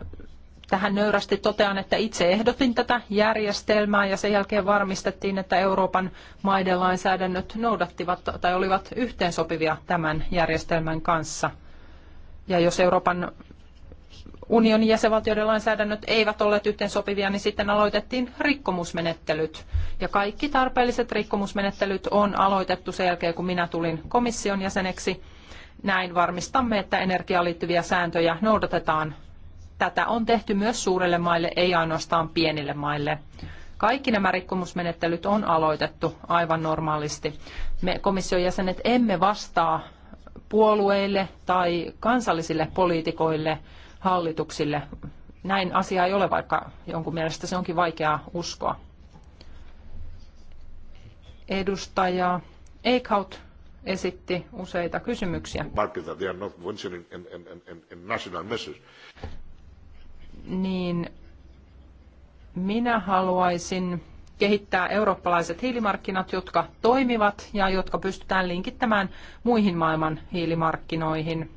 tähän nöyrästi totean, että itse ehdotin tätä järjestelmää ja sen jälkeen varmistettiin, että Euroopan maiden lainsäädännöt noudattivat tai olivat yhteensopivia tämän järjestelmän kanssa. Ja jos Euroopan unionin jäsenvaltioiden lainsäädännöt eivät olleet yhteensopivia, niin sitten aloitettiin rikkomusmenettelyt. Ja kaikki tarpeelliset rikkomusmenettelyt on aloitettu sen jälkeen, kun minä tulin komission jäseneksi. Näin varmistamme, että energiaan liittyviä sääntöjä noudatetaan. Tätä on tehty myös suurille maille, ei ainoastaan pienille maille. Kaikki nämä rikkomusmenettelyt on aloitettu aivan normaalisti. Me komission jäsenet emme vastaa puolueille tai kansallisille poliitikoille hallituksille. Näin asia ei ole, vaikka jonkun mielestä se onkin vaikeaa uskoa. Edustaja Eichhout esitti useita kysymyksiä. Niin minä haluaisin kehittää eurooppalaiset hiilimarkkinat, jotka toimivat ja jotka pystytään linkittämään muihin maailman hiilimarkkinoihin.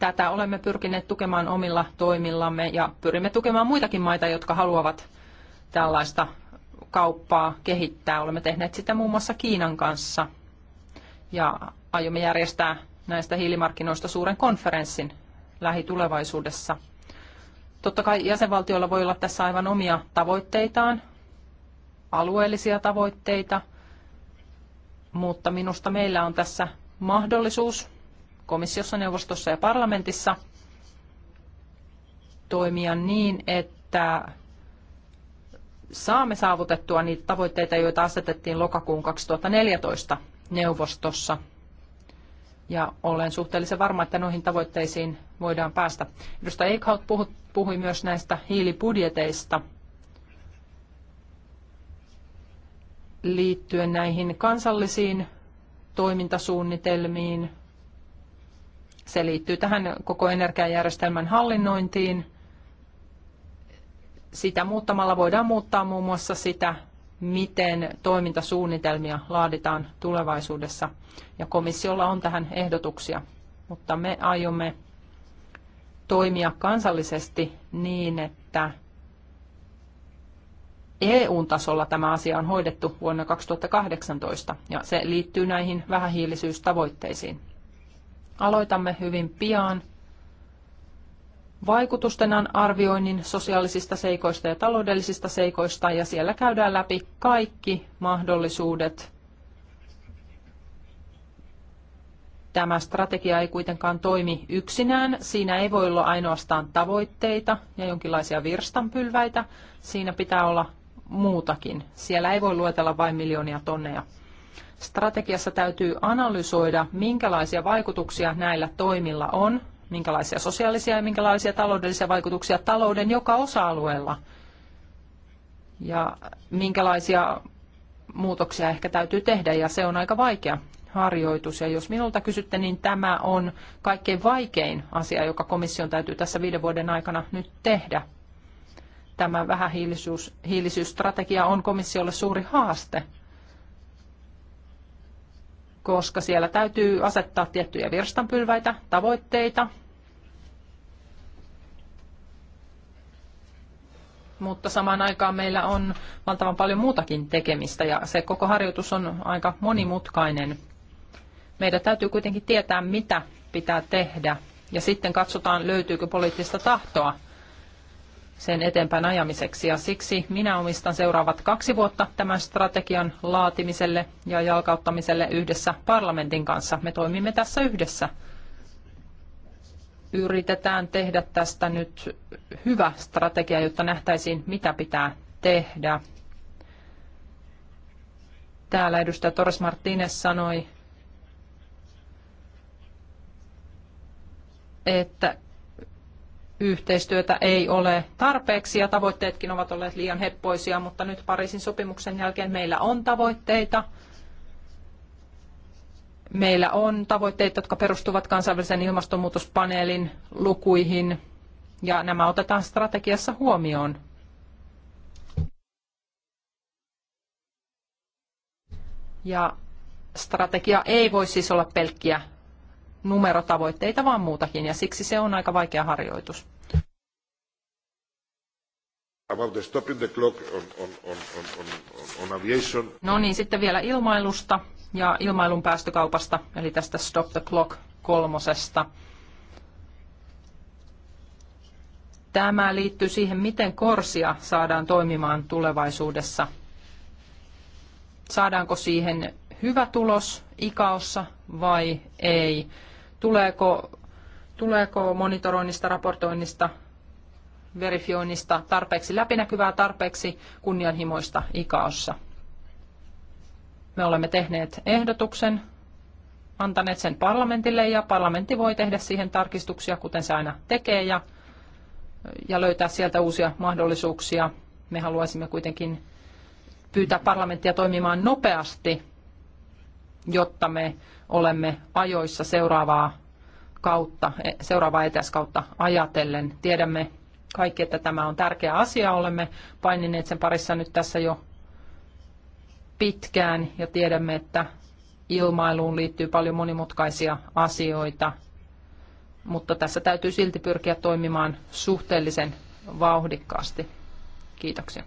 Tätä olemme pyrkineet tukemaan omilla toimillamme ja pyrimme tukemaan muitakin maita, jotka haluavat tällaista kauppaa kehittää. Olemme tehneet sitä muun muassa Kiinan kanssa ja aiomme järjestää näistä hiilimarkkinoista suuren konferenssin lähitulevaisuudessa. Totta kai jäsenvaltioilla voi olla tässä aivan omia tavoitteitaan, alueellisia tavoitteita, mutta minusta meillä on tässä mahdollisuus komissiossa, neuvostossa ja parlamentissa toimia niin, että saamme saavutettua niitä tavoitteita, joita asetettiin lokakuun 2014 neuvostossa. Ja olen suhteellisen varma, että noihin tavoitteisiin voidaan päästä. Edustaja Eichhout puhui myös näistä hiilibudjeteista liittyen näihin kansallisiin toimintasuunnitelmiin, se liittyy tähän koko energiajärjestelmän hallinnointiin. Sitä muuttamalla voidaan muuttaa muun muassa sitä, miten toimintasuunnitelmia laaditaan tulevaisuudessa. Ja komissiolla on tähän ehdotuksia, mutta me aiomme toimia kansallisesti niin, että EU-tasolla tämä asia on hoidettu vuonna 2018 ja se liittyy näihin vähähiilisyystavoitteisiin. Aloitamme hyvin pian vaikutusten arvioinnin sosiaalisista seikoista ja taloudellisista seikoista, ja siellä käydään läpi kaikki mahdollisuudet. Tämä strategia ei kuitenkaan toimi yksinään. Siinä ei voi olla ainoastaan tavoitteita ja jonkinlaisia virstanpylväitä. Siinä pitää olla muutakin. Siellä ei voi luetella vain miljoonia tonneja Strategiassa täytyy analysoida, minkälaisia vaikutuksia näillä toimilla on, minkälaisia sosiaalisia ja minkälaisia taloudellisia vaikutuksia talouden joka osa-alueella ja minkälaisia muutoksia ehkä täytyy tehdä ja se on aika vaikea harjoitus. Ja jos minulta kysytte, niin tämä on kaikkein vaikein asia, joka komission täytyy tässä viiden vuoden aikana nyt tehdä. Tämä vähähiilisyysstrategia on komissiolle suuri haaste koska siellä täytyy asettaa tiettyjä virstanpylväitä, tavoitteita, mutta samaan aikaan meillä on valtavan paljon muutakin tekemistä ja se koko harjoitus on aika monimutkainen. Meidän täytyy kuitenkin tietää, mitä pitää tehdä ja sitten katsotaan, löytyykö poliittista tahtoa sen eteenpäin ajamiseksi. Ja siksi minä omistan seuraavat kaksi vuotta tämän strategian laatimiselle ja jalkauttamiselle yhdessä parlamentin kanssa. Me toimimme tässä yhdessä. Yritetään tehdä tästä nyt hyvä strategia, jotta nähtäisiin, mitä pitää tehdä. Täällä edustaja Torres Martínez sanoi, että yhteistyötä ei ole tarpeeksi ja tavoitteetkin ovat olleet liian heppoisia, mutta nyt Pariisin sopimuksen jälkeen meillä on tavoitteita. Meillä on tavoitteita, jotka perustuvat kansainvälisen ilmastonmuutospaneelin lukuihin ja nämä otetaan strategiassa huomioon. Ja strategia ei voi siis olla pelkkiä numerotavoitteita, vaan muutakin, ja siksi se on aika vaikea harjoitus. No niin, sitten vielä ilmailusta ja ilmailun päästökaupasta, eli tästä Stop the Clock kolmosesta. Tämä liittyy siihen, miten korsia saadaan toimimaan tulevaisuudessa. Saadaanko siihen hyvä tulos ikaossa vai ei? tuleeko, tuleeko monitoroinnista, raportoinnista, verifioinnista tarpeeksi läpinäkyvää, tarpeeksi kunnianhimoista ikaossa. Me olemme tehneet ehdotuksen, antaneet sen parlamentille ja parlamentti voi tehdä siihen tarkistuksia, kuten se aina tekee, ja, ja löytää sieltä uusia mahdollisuuksia. Me haluaisimme kuitenkin pyytää parlamenttia toimimaan nopeasti jotta me olemme ajoissa seuraavaa kautta, seuraavaa etäskautta ajatellen. Tiedämme kaikki, että tämä on tärkeä asia. Olemme painineet sen parissa nyt tässä jo pitkään ja tiedämme, että ilmailuun liittyy paljon monimutkaisia asioita, mutta tässä täytyy silti pyrkiä toimimaan suhteellisen vauhdikkaasti. Kiitoksia.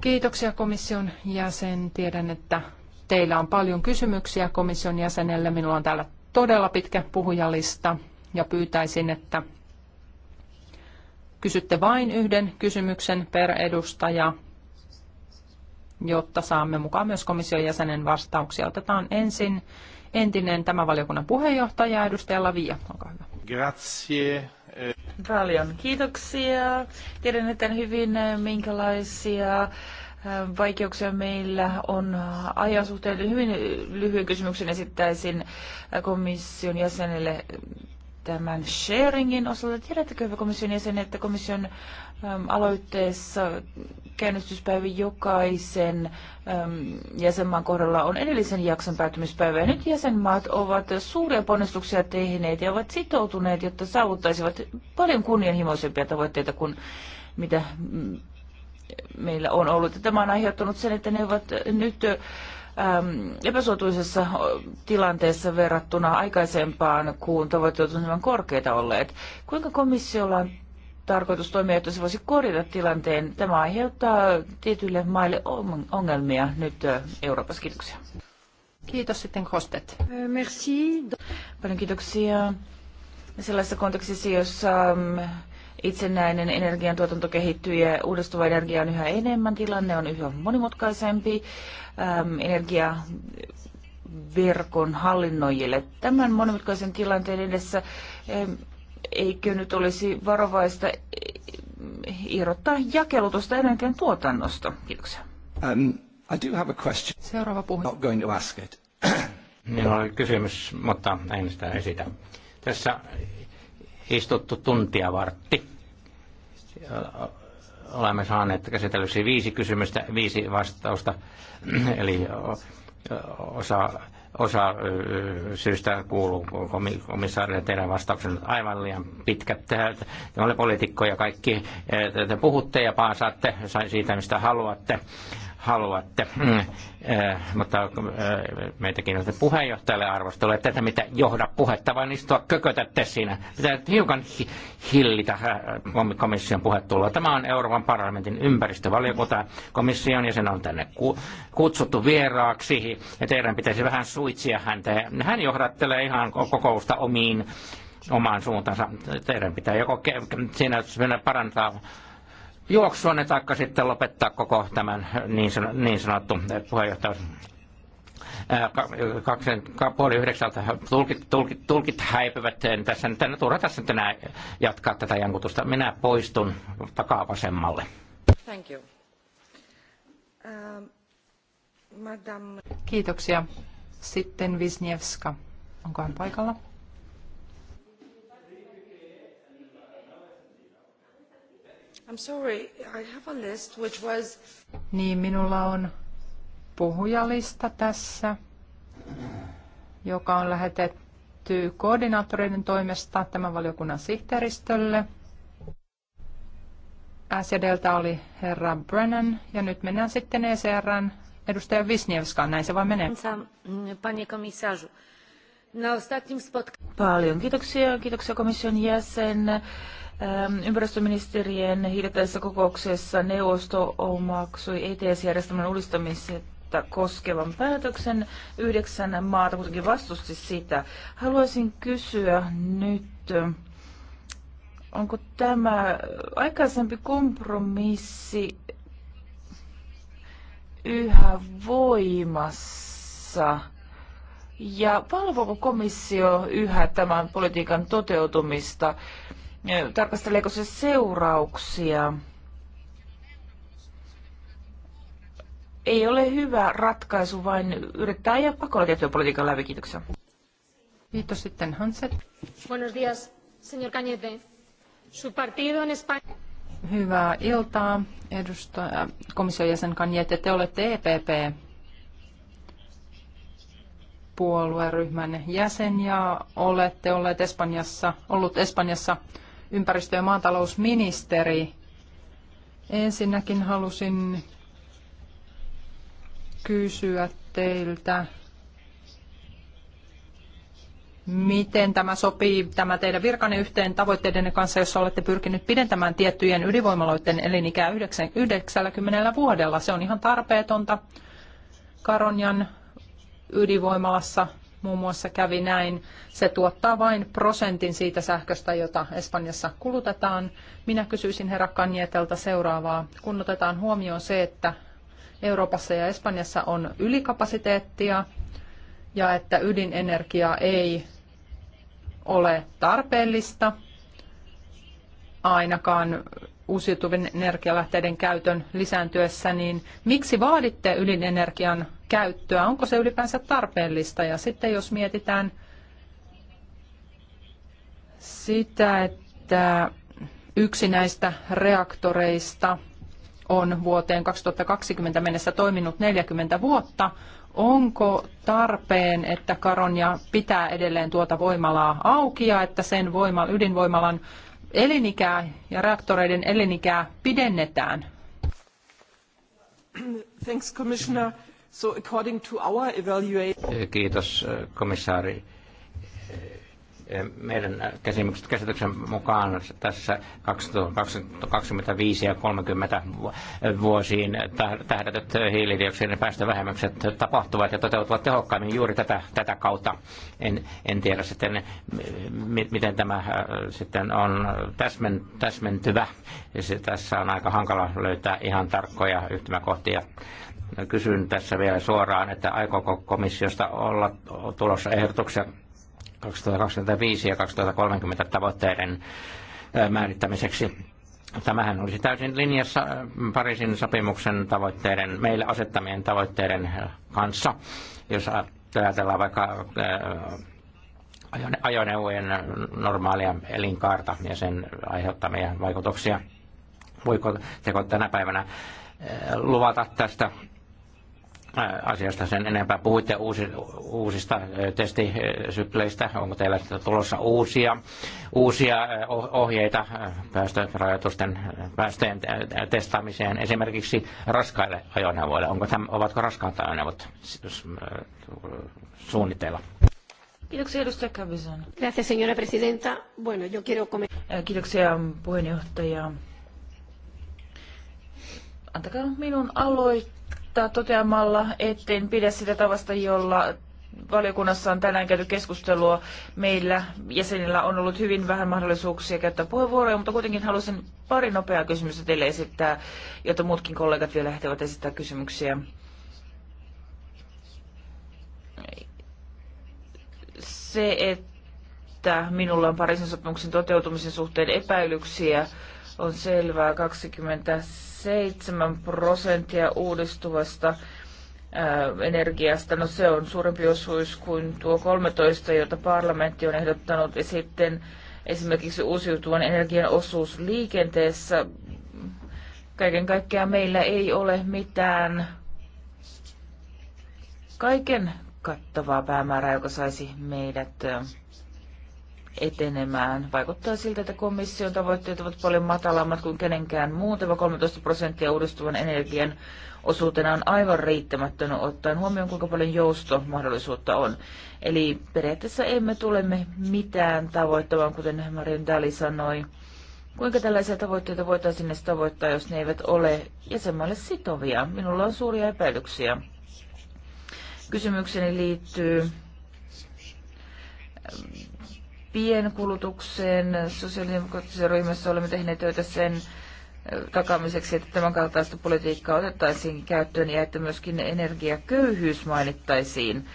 Kiitoksia komission jäsen. Tiedän, että Teillä on paljon kysymyksiä komission jäsenelle. Minulla on täällä todella pitkä puhujalista ja pyytäisin, että kysytte vain yhden kysymyksen per edustaja, jotta saamme mukaan myös komission jäsenen vastauksia. Otetaan ensin entinen tämä valiokunnan puheenjohtaja, edustaja Lavia. Olkaa hyvä. Grazie. Paljon kiitoksia. Tiedän, että hyvin minkälaisia vaikeuksia meillä on ajan suhteen. Hyvin lyhyen kysymyksen esittäisin komission jäsenelle tämän sharingin osalta. Tiedättekö hyvä komission jäsen, että komission aloitteessa käynnistyspäivä jokaisen jäsenmaan kohdalla on edellisen jakson päättymispäivä. Ja nyt jäsenmaat ovat suuria ponnistuksia tehneet ja ovat sitoutuneet, jotta saavuttaisivat paljon kunnianhimoisempia tavoitteita kuin mitä meillä on ollut. tämä on aiheuttanut sen, että ne ovat nyt äm, epäsuotuisessa tilanteessa verrattuna aikaisempaan, kun tavoitteet ovat korkeita olleet. Kuinka komissiolla on tarkoitus toimia, että se voisi korjata tilanteen? Tämä aiheuttaa tietyille maille ongelmia nyt äh, Euroopassa. Kiitoksia. Kiitos sitten Kostet. Äh, merci. Paljon kiitoksia. Sellaisessa kontekstissa, jossa mm, itsenäinen energiantuotanto kehittyy ja uudistuva energia on yhä enemmän, tilanne on yhä monimutkaisempi ähm, energiaverkon hallinnoijille. Tämän monimutkaisen tilanteen edessä ähm, eikö nyt olisi varovaista eh, irrottaa jakelu tuosta energian tuotannosta? Kiitoksia. Um, I do have a question. Seuraava puhe. Not going to ask it. Minulla oli kysymys, mutta en sitä esitä. Tässä istuttu tuntia vartti. Olemme saaneet käsitellyksi viisi kysymystä, viisi vastausta, (clears throat) eli osa, osa syystä kuuluu komissaarille teidän vastauksen aivan liian pitkät. Te olette poliitikkoja kaikki, te puhutte ja paasaatte, sai siitä mistä haluatte haluatte, mm. äh, mutta äh, meitäkin on puheenjohtajalle arvostelu, että tätä mitä johda puhetta, vaan istua kökötätte siinä. Pitää hiukan hillitä äh, komission puhetuloa. Tämä on Euroopan parlamentin ympäristövaliokunta. Komission sen on tänne kutsuttu vieraaksi ja teidän pitäisi vähän suitsia häntä. Hän johdattelee ihan kokousta omiin omaan suuntaansa Teidän pitää joko siinä parantaa ne niin taikka sitten lopettaa koko tämän niin, san, niin sanottu eh, puheenjohtajuus. Eh, kaksi, puoli yhdeksältä tulkit, tulkit, tulkit häipyvät. tässä nyt en turha tässä nyt enää jatkaa tätä jankutusta. Minä poistun vasemmalle. Thank you. Uh, um, madame... Kiitoksia. Sitten Visnievska. Onko hän paikalla? I'm sorry, I have a list which was... Niin, minulla on puhujalista tässä, joka on lähetetty koordinaattoreiden toimesta tämän valiokunnan sihteeristölle. SJDltä oli herra Brennan ja nyt mennään sitten ECRn edustaja Wisniewskaan, näin se vaan menee. Panie komisarzu, na ostatnim spotkaniu... Paljon kiitoksia, kiitoksia komission jäsen. Ympäristöministerien hiljattaisessa kokouksessa neuvosto omaksui ETS-järjestelmän uudistamista koskevan päätöksen. Yhdeksän maata kuitenkin vastusti sitä. Haluaisin kysyä nyt, onko tämä aikaisempi kompromissi yhä voimassa? Ja valvoiko komissio yhä tämän politiikan toteutumista? tarkasteleeko se seurauksia? Ei ole hyvä ratkaisu vain yrittää ajaa pakolla tiettyä politiikan läpi. Kiitoksia. Kiitos sitten Hanset. Buenos días, señor Cañete. Su partido en España... Hyvää iltaa, edustaja, komission jäsen Kanjete. Te olette EPP puolueryhmän jäsen ja olette olleet Espanjassa, ollut Espanjassa ympäristö- ja maatalousministeri. Ensinnäkin halusin kysyä teiltä, miten tämä sopii tämä teidän virkanne yhteen tavoitteiden kanssa, jos olette pyrkinyt pidentämään tiettyjen ydinvoimaloiden elinikää 90 vuodella. Se on ihan tarpeetonta. Karonjan ydinvoimalassa muun muassa kävi näin. Se tuottaa vain prosentin siitä sähköstä, jota Espanjassa kulutetaan. Minä kysyisin herra Kanietelta seuraavaa. Kun otetaan huomioon se, että Euroopassa ja Espanjassa on ylikapasiteettia ja että ydinenergia ei ole tarpeellista, ainakaan uusiutuvien energialähteiden käytön lisääntyessä, niin miksi vaaditte ydinenergian käyttöä? Onko se ylipäänsä tarpeellista? Ja sitten jos mietitään sitä, että yksi näistä reaktoreista on vuoteen 2020 mennessä toiminut 40 vuotta. Onko tarpeen, että Karonia pitää edelleen tuota voimalaa auki ja että sen voima, ydinvoimalan elinikää ja reaktoreiden elinikää pidennetään. Thanks, Commissioner. So according to our evaluation... Kiitos komissaari meidän käsityksen mukaan tässä 2025 ja 30 vuosiin tähdätyt hiilidioksidin päästövähennykset tapahtuvat ja toteutuvat tehokkaimmin juuri tätä, tätä kautta. En, en tiedä sitten, miten tämä äh, sitten on täsmen, täsmentyvä. Se, tässä on aika hankala löytää ihan tarkkoja yhtymäkohtia kysyn tässä vielä suoraan, että aikooko komissiosta olla tulossa ehdotuksia 2025 ja 2030 tavoitteiden määrittämiseksi. Tämähän olisi täysin linjassa Pariisin sopimuksen tavoitteiden, meille asettamien tavoitteiden kanssa. Jos ajatellaan vaikka ajoneuvojen normaalia elinkaarta ja sen aiheuttamia vaikutuksia. Voiko teko tänä päivänä luvata tästä asiasta sen enempää. Puhuitte uusi, uusista testisykleistä. Onko teillä tulossa uusia, uusia ohjeita päästörajoitusten päästöjen testaamiseen esimerkiksi raskaille ajoneuvoille? Onko tämän, ovatko raskaat ajoneuvot suunnitteilla? Kiitoksia edustaja Cabezon. Gracias señora presidenta. Bueno, yo quiero Kiitoksia puheenjohtaja. Antakaa minun aloittaa aloittaa toteamalla, etten pidä sitä tavasta, jolla valiokunnassa on tänään käyty keskustelua. Meillä jäsenillä on ollut hyvin vähän mahdollisuuksia käyttää puheenvuoroja, mutta kuitenkin halusin pari nopeaa kysymystä teille esittää, jotta muutkin kollegat vielä ehtivät esittää kysymyksiä. Se, että minulla on Pariisin sopimuksen toteutumisen suhteen epäilyksiä, on selvää 27 7 prosenttia uudistuvasta energiasta. No se on suurempi osuus kuin tuo 13, jota parlamentti on ehdottanut. Ja sitten esimerkiksi uusiutuvan energian osuus liikenteessä. Kaiken kaikkiaan meillä ei ole mitään kaiken kattavaa päämäärää, joka saisi meidät etenemään. Vaikuttaa siltä, että komission tavoitteet ovat paljon matalammat kuin kenenkään muun. Tämä 13 prosenttia uudistuvan energian osuutena on aivan riittämättön ottaen huomioon, kuinka paljon joustomahdollisuutta on. Eli periaatteessa emme tulemme mitään tavoittamaan, kuten Marin Dali sanoi. Kuinka tällaisia tavoitteita voitaisiin edes tavoittaa, jos ne eivät ole jäsenmaille sitovia? Minulla on suuria epäilyksiä. Kysymykseni liittyy pienkulutukseen. Sosiaalidemokraattisessa ryhmässä olemme tehneet töitä sen takamiseksi, että tämän kaltaista politiikkaa otettaisiin käyttöön ja että myöskin energiaköyhyys mainittaisiin,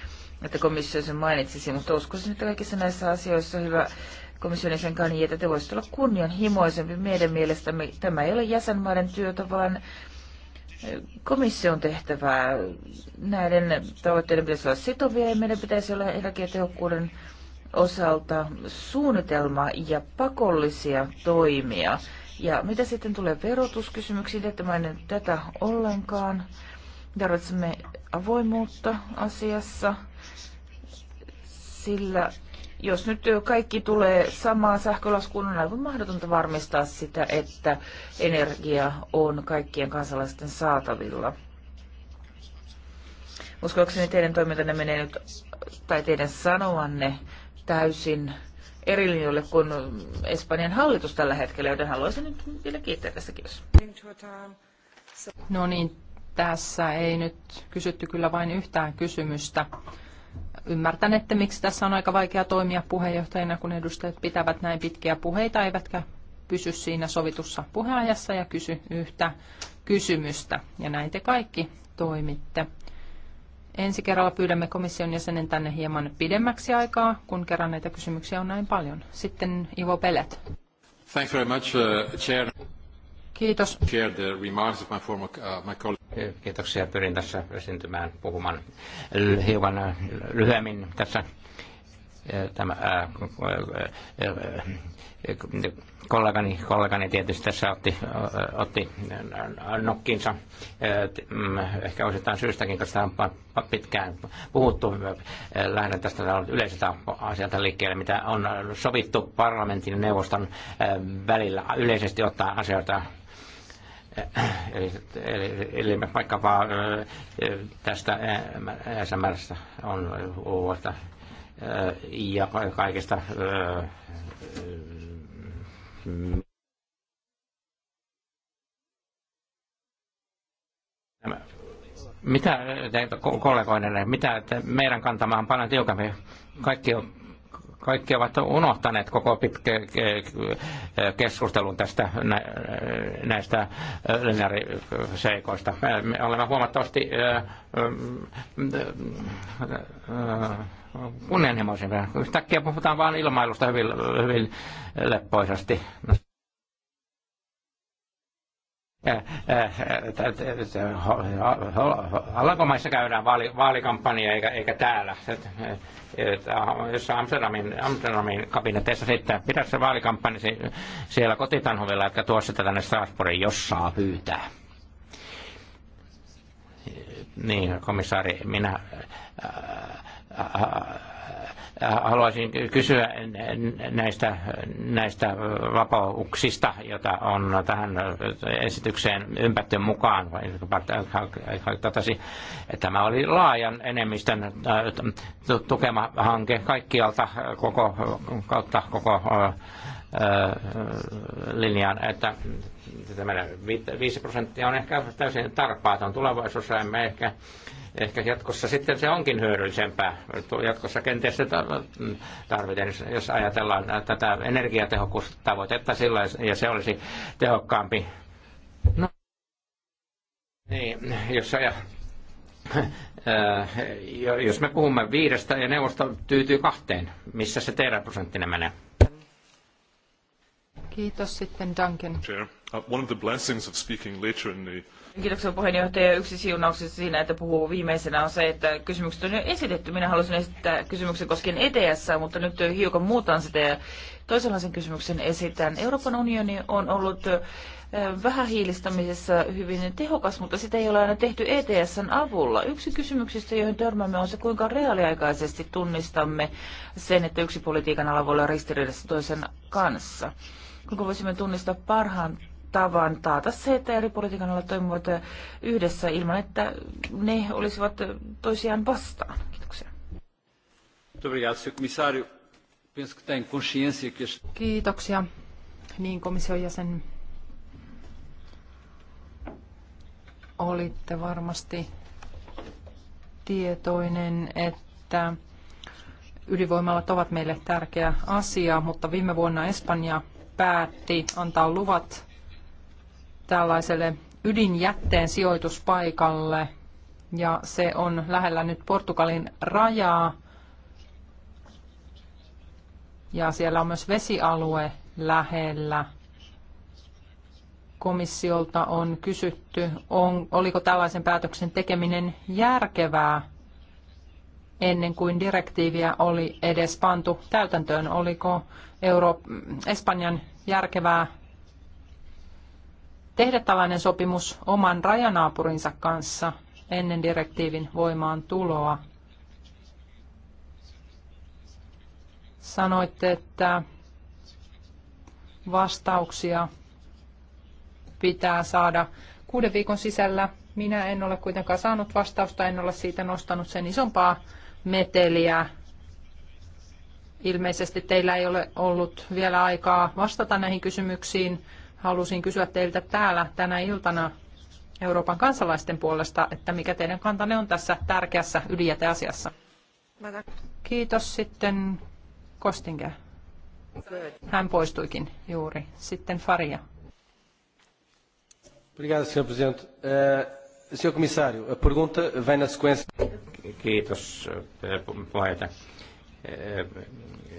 että komissio sen mainitsisi, mutta uskoisin, että kaikissa näissä asioissa hyvä komission jäsen että te voisitte olla kunnianhimoisempi. Meidän mielestämme tämä ei ole jäsenmaiden työtä, vaan komission tehtävää. Näiden tavoitteiden pitäisi olla sitovia ja meidän pitäisi olla energiatehokkuuden tehokkuuden osalta suunnitelma ja pakollisia toimia. Ja mitä sitten tulee verotuskysymyksiin, että mä en tätä ollenkaan. Tarvitsemme avoimuutta asiassa, sillä jos nyt kaikki tulee samaan sähkölaskuun, on aivan mahdotonta varmistaa sitä, että energia on kaikkien kansalaisten saatavilla. Uskoakseni teidän toimintanne menee nyt, tai teidän sanovanne täysin eri linjoille kuin Espanjan hallitus tällä hetkellä, joten haluaisin nyt vielä kiittää tästä. Kiitos. No niin, tässä ei nyt kysytty kyllä vain yhtään kysymystä. Ymmärtän, että miksi tässä on aika vaikea toimia puheenjohtajana, kun edustajat pitävät näin pitkiä puheita, eivätkä pysy siinä sovitussa puheajassa ja kysy yhtä kysymystä. Ja näin te kaikki toimitte ensi kerralla pyydämme komission jäsenen tänne hieman pidemmäksi aikaa, kun kerran näitä kysymyksiä on näin paljon. Sitten Ivo Pelet. Thanks very much, uh, chair. Kiitos. Chair, the remarks of my former, uh, my colleague. Kiitoksia. Pyrin tässä esiintymään puhumaan hiukan uh, lyhyemmin tässä tämä, ää, kollegani, kollegani tietysti tässä otti, otti nokkinsa, mm, ehkä osittain syystäkin, koska tämä on pitkään puhuttu. Lähden tästä yleisestä asialta liikkeelle, mitä on sovittu parlamentin ja neuvoston välillä yleisesti ottaa asioita Eli, eli, eli vaikkapa tästä SMRstä on vuotta ja kaikista mitä teiltä kollegoille, mitä te, meidän kantamaan paljon tiukempi. kaikki kaikki ovat unohtaneet koko pitkä keskustelun tästä näistä lineaariseikoista. Me olemme huomattavasti kunnianhimoisin. Yhtäkkiä puhutaan vain ilmailusta hyvin, hyvin leppoisasti. Alankomaissa käydään vaali, vaalikampanja eikä, eikä täällä. jossa Amsterdamin, Amsterdamin kabineteissa sitten pidä se vaalikampanja siellä kotitanhovilla, että tuo sitä tänne Strasbourgin, jos saa pyytää. Niin, komissaari, minä... Ää, äh, Äh, äh, haluaisin kysyä näistä, näistä vapauksista, joita on tähän esitykseen ympätty mukaan. Tämä oli laajan enemmistön äh, tukema hanke kaikkialta koko, kautta koko linjaan, että 5 prosenttia on ehkä täysin tarpaaton tulevaisuus, emme ehkä, ehkä jatkossa sitten se onkin hyödyllisempää. Jatkossa kenties se tarvitaan, jos ajatellaan tätä energiatehokkuustavoitetta sillä, ja se olisi tehokkaampi. No, niin, jos aja, jos me puhumme viidestä ja neuvosto tyytyy kahteen, missä se teidän prosenttinen menee? Kiitos sitten Duncan. Chair. Uh, one of the blessings of speaking later in the Kiitoksia puheenjohtaja. Yksi siunauksista siinä, että puhuu viimeisenä, on se, että kysymykset on jo esitetty. Minä halusin esittää kysymyksen koskien ETS, mutta nyt hiukan muutan sitä ja toisenlaisen kysymyksen esitän. Euroopan unioni on ollut vähähiilistämisessä hyvin tehokas, mutta sitä ei ole aina tehty ETSn avulla. Yksi kysymyksistä, joihin törmäämme, on se, kuinka reaaliaikaisesti tunnistamme sen, että yksi politiikan ala voi olla ristiriidassa toisen kanssa kuinka voisimme tunnistaa parhaan tavan taata se, että eri politiikan alat toimivat yhdessä ilman, että ne olisivat toisiaan vastaan. Kiitoksia. Kiitoksia. Niin, komission jäsen olitte varmasti tietoinen, että ydinvoimalat ovat meille tärkeä asia, mutta viime vuonna Espanja päätti antaa luvat tällaiselle ydinjätteen sijoituspaikalle ja se on lähellä nyt Portugalin rajaa ja siellä on myös vesialue lähellä. Komissiolta on kysytty, on, oliko tällaisen päätöksen tekeminen järkevää ennen kuin direktiiviä oli edes pantu täytäntöön. Oliko Euro- Espanjan järkevää tehdä tällainen sopimus oman rajanaapurinsa kanssa ennen direktiivin voimaan tuloa? Sanoitte, että vastauksia pitää saada kuuden viikon sisällä. Minä en ole kuitenkaan saanut vastausta, en ole siitä nostanut sen isompaa meteliä. Ilmeisesti teillä ei ole ollut vielä aikaa vastata näihin kysymyksiin. Halusin kysyä teiltä täällä tänä iltana Euroopan kansalaisten puolesta, että mikä teidän kantanne on tässä tärkeässä ydinjäteasiassa. Kiitos sitten Kostinke. Hän poistuikin juuri. Sitten Faria. Obrigado, Presidente. Uh, Comissário, a pergunta vem na sequência. Kiitos eh, puheenjohtaja. Eh,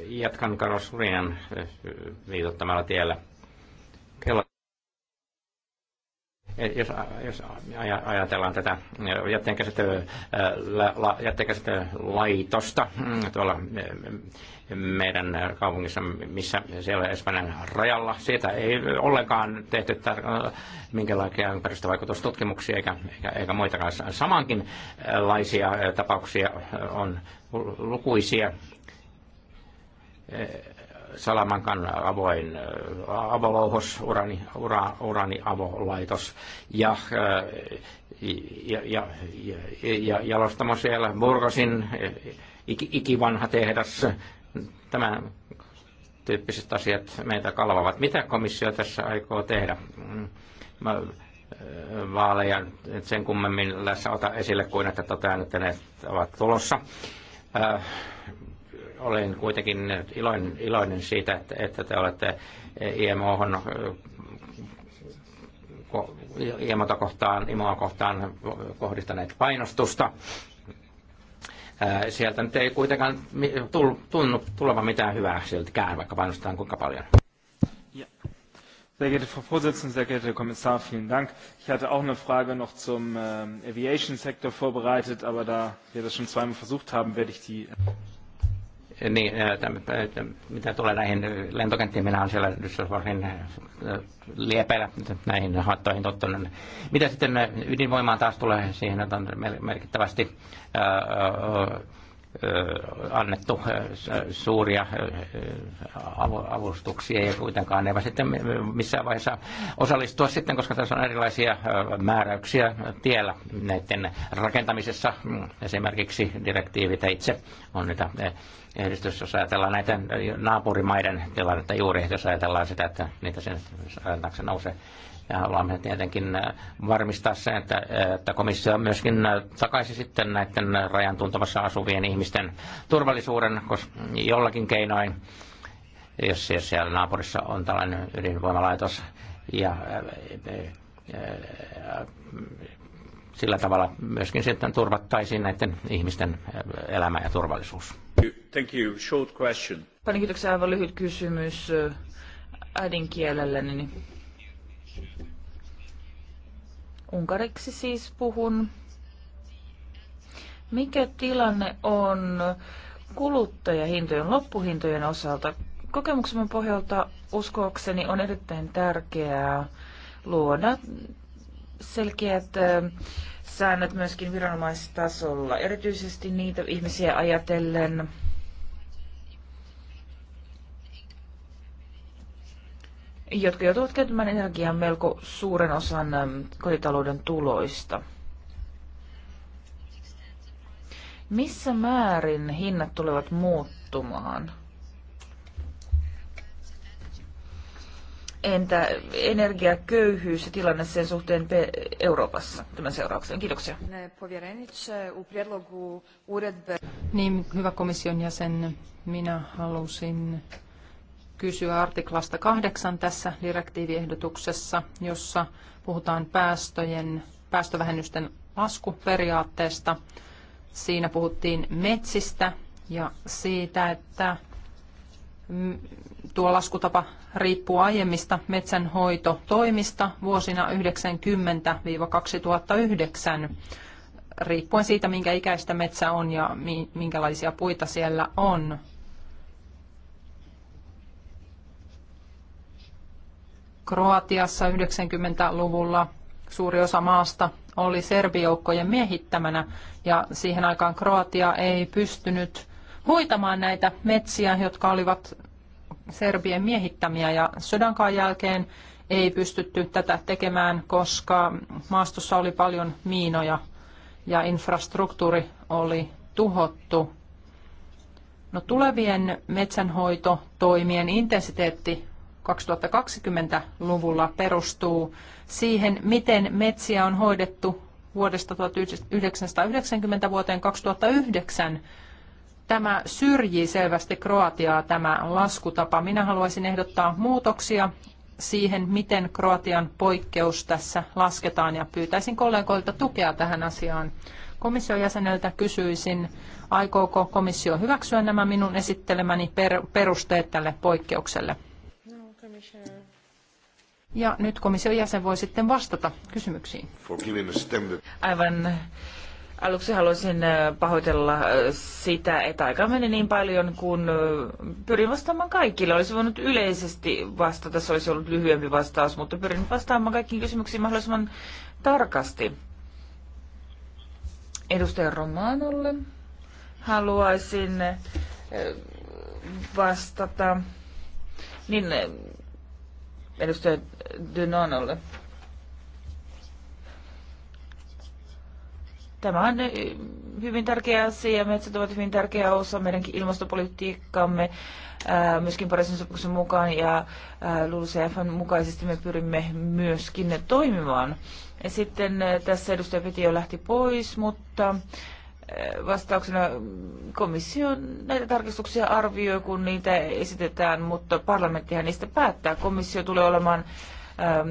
jatkan Karos Rian eh, viitottamalla tiellä. Kello jos, jos ajatellaan tätä jätteenkäsittelylaitosta mm, tuolla meidän kaupungissa, missä siellä Espanjan rajalla. Siitä ei ollenkaan tehty tar- minkälaisia ympäristövaikutustutkimuksia eikä, eikä, eikä muitakaan. Samankinlaisia tapauksia on lukuisia. Salamankan avoin avolouhos, urani, ura, urani avolaitos ja, ja, ja, ja, ja jalostamo siellä Burgosin ikivanha tehdas tämän tyyppiset asiat meitä kalvavat. Mitä komissio tässä aikoo tehdä? Mm, mä vaaleja sen kummemmin tässä ota esille kuin että totean, että ne ovat tulossa. Äh, olen kuitenkin iloinen, iloinen siitä, että, että te olette IMO-hon imo kohtaan, IMOa kohtaan kohdistaneet painostusta sieltä nyt ei kuitenkaan tunnu tulevan mitään hyvää siltäkään, vaikka painostetaan kuinka paljon. Ja. Sehr geehrte Frau Vorsitzende, sehr geehrter Herr Kommissar, vielen Dank. Ich hatte auch eine Frage noch zum äh, Aviation-Sektor vorbereitet, aber da wir das schon zweimal versucht haben, werde ich die niin, mitä tulee näihin lentokenttiin, minä olen siellä Düsseldorfin liepeillä näihin haattoihin tottunut. Mitä sitten ydinvoimaan taas tulee, siihen että on merkittävästi annettu suuria avustuksia ja kuitenkaan ne eivät sitten missään vaiheessa osallistua sitten, koska tässä on erilaisia määräyksiä tiellä näiden rakentamisessa. Mm, esimerkiksi itse on niitä edistys, jos ajatellaan näitä naapurimaiden tilannetta juuri, jos ajatellaan sitä, että niitä sen taakse nousee ja haluamme tietenkin äh, varmistaa sen, että, äh, että komissio myöskin äh, takaisi sitten näiden rajan tuntumassa asuvien ihmisten turvallisuuden jollakin keinoin, jos, jos siellä naapurissa on tällainen ydinvoimalaitos. Ja, sillä tavalla myöskin sitten turvattaisiin näiden ihmisten elämä ja turvallisuus. Thank you. Short question. Paljon kiitoksia. Aivan lyhyt kysymys äidinkielelläni. Niin Unkariksi siis puhun. Mikä tilanne on kuluttajahintojen loppuhintojen osalta? Kokemuksemme pohjalta uskoakseni on erittäin tärkeää luoda selkeät säännöt myöskin viranomaistasolla, erityisesti niitä ihmisiä ajatellen, jotka joutuvat käyttämään energiaa melko suuren osan kotitalouden tuloista. Missä määrin hinnat tulevat muuttumaan? Entä energiaköyhyys ja tilanne sen suhteen Euroopassa tämän seurauksen? Kiitoksia. Niin, hyvä komission jäsen, minä halusin kysyä artiklasta kahdeksan tässä direktiiviehdotuksessa, jossa puhutaan päästöjen, päästövähennysten laskuperiaatteesta. Siinä puhuttiin metsistä ja siitä, että tuo laskutapa riippuu aiemmista metsänhoitotoimista vuosina 90-2009, riippuen siitä, minkä ikäistä metsä on ja minkälaisia puita siellä on. Kroatiassa 90-luvulla suuri osa maasta oli serbijoukkojen miehittämänä ja siihen aikaan Kroatia ei pystynyt hoitamaan näitä metsiä, jotka olivat serbien miehittämiä ja sodankaan jälkeen ei pystytty tätä tekemään, koska maastossa oli paljon miinoja ja infrastruktuuri oli tuhottu. No, tulevien metsänhoitotoimien intensiteetti 2020-luvulla perustuu siihen, miten metsiä on hoidettu vuodesta 1990 vuoteen 2009. Tämä syrjii selvästi Kroatiaa, tämä laskutapa. Minä haluaisin ehdottaa muutoksia siihen, miten Kroatian poikkeus tässä lasketaan ja pyytäisin kollegoilta tukea tähän asiaan. Komission jäseneltä kysyisin, aikooko komissio hyväksyä nämä minun esittelemäni perusteet tälle poikkeukselle. Ja nyt komission jäsen voi sitten vastata kysymyksiin. Aivan Aluksi haluaisin äh, pahoitella äh, sitä, että aika meni niin paljon, kun äh, pyrin vastaamaan kaikille. Olisi voinut yleisesti vastata, se olisi ollut lyhyempi vastaus, mutta pyrin vastaamaan kaikkiin kysymyksiin mahdollisimman tarkasti. Edustaja Romanolle haluaisin vastata. Niin edustaja Dynanolle. Tämä on hyvin tärkeä asia. Metsät ovat hyvin tärkeä osa meidänkin ilmastopolitiikkaamme myöskin Pariisin sopimuksen mukaan ja LULCFn mukaisesti me pyrimme myöskin toimimaan. Ja sitten tässä edustaja Peti jo lähti pois, mutta vastauksena komissio näitä tarkistuksia arvioi, kun niitä esitetään, mutta parlamenttihan niistä päättää. Komissio tulee olemaan ähm,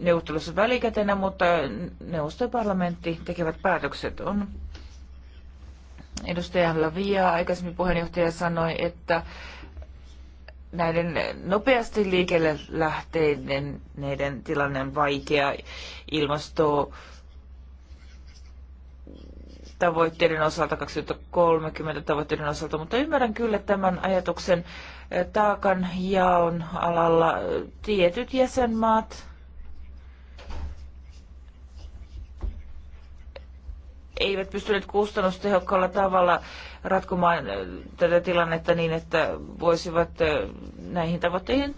neuvottelussa välikätenä, mutta neuvosto ja parlamentti tekevät päätökset. On edustaja Lavia, aikaisemmin puheenjohtaja sanoi, että näiden nopeasti liikelle lähteiden tilanne on vaikea ilmastoon tavoitteiden osalta, 2030 tavoitteiden osalta, mutta ymmärrän kyllä tämän ajatuksen eh, taakan jaon alalla. Tietyt jäsenmaat eivät pystyneet kustannustehokkaalla tavalla ratkomaan äh, tätä tilannetta niin, että voisivat äh, näihin tavoitteihin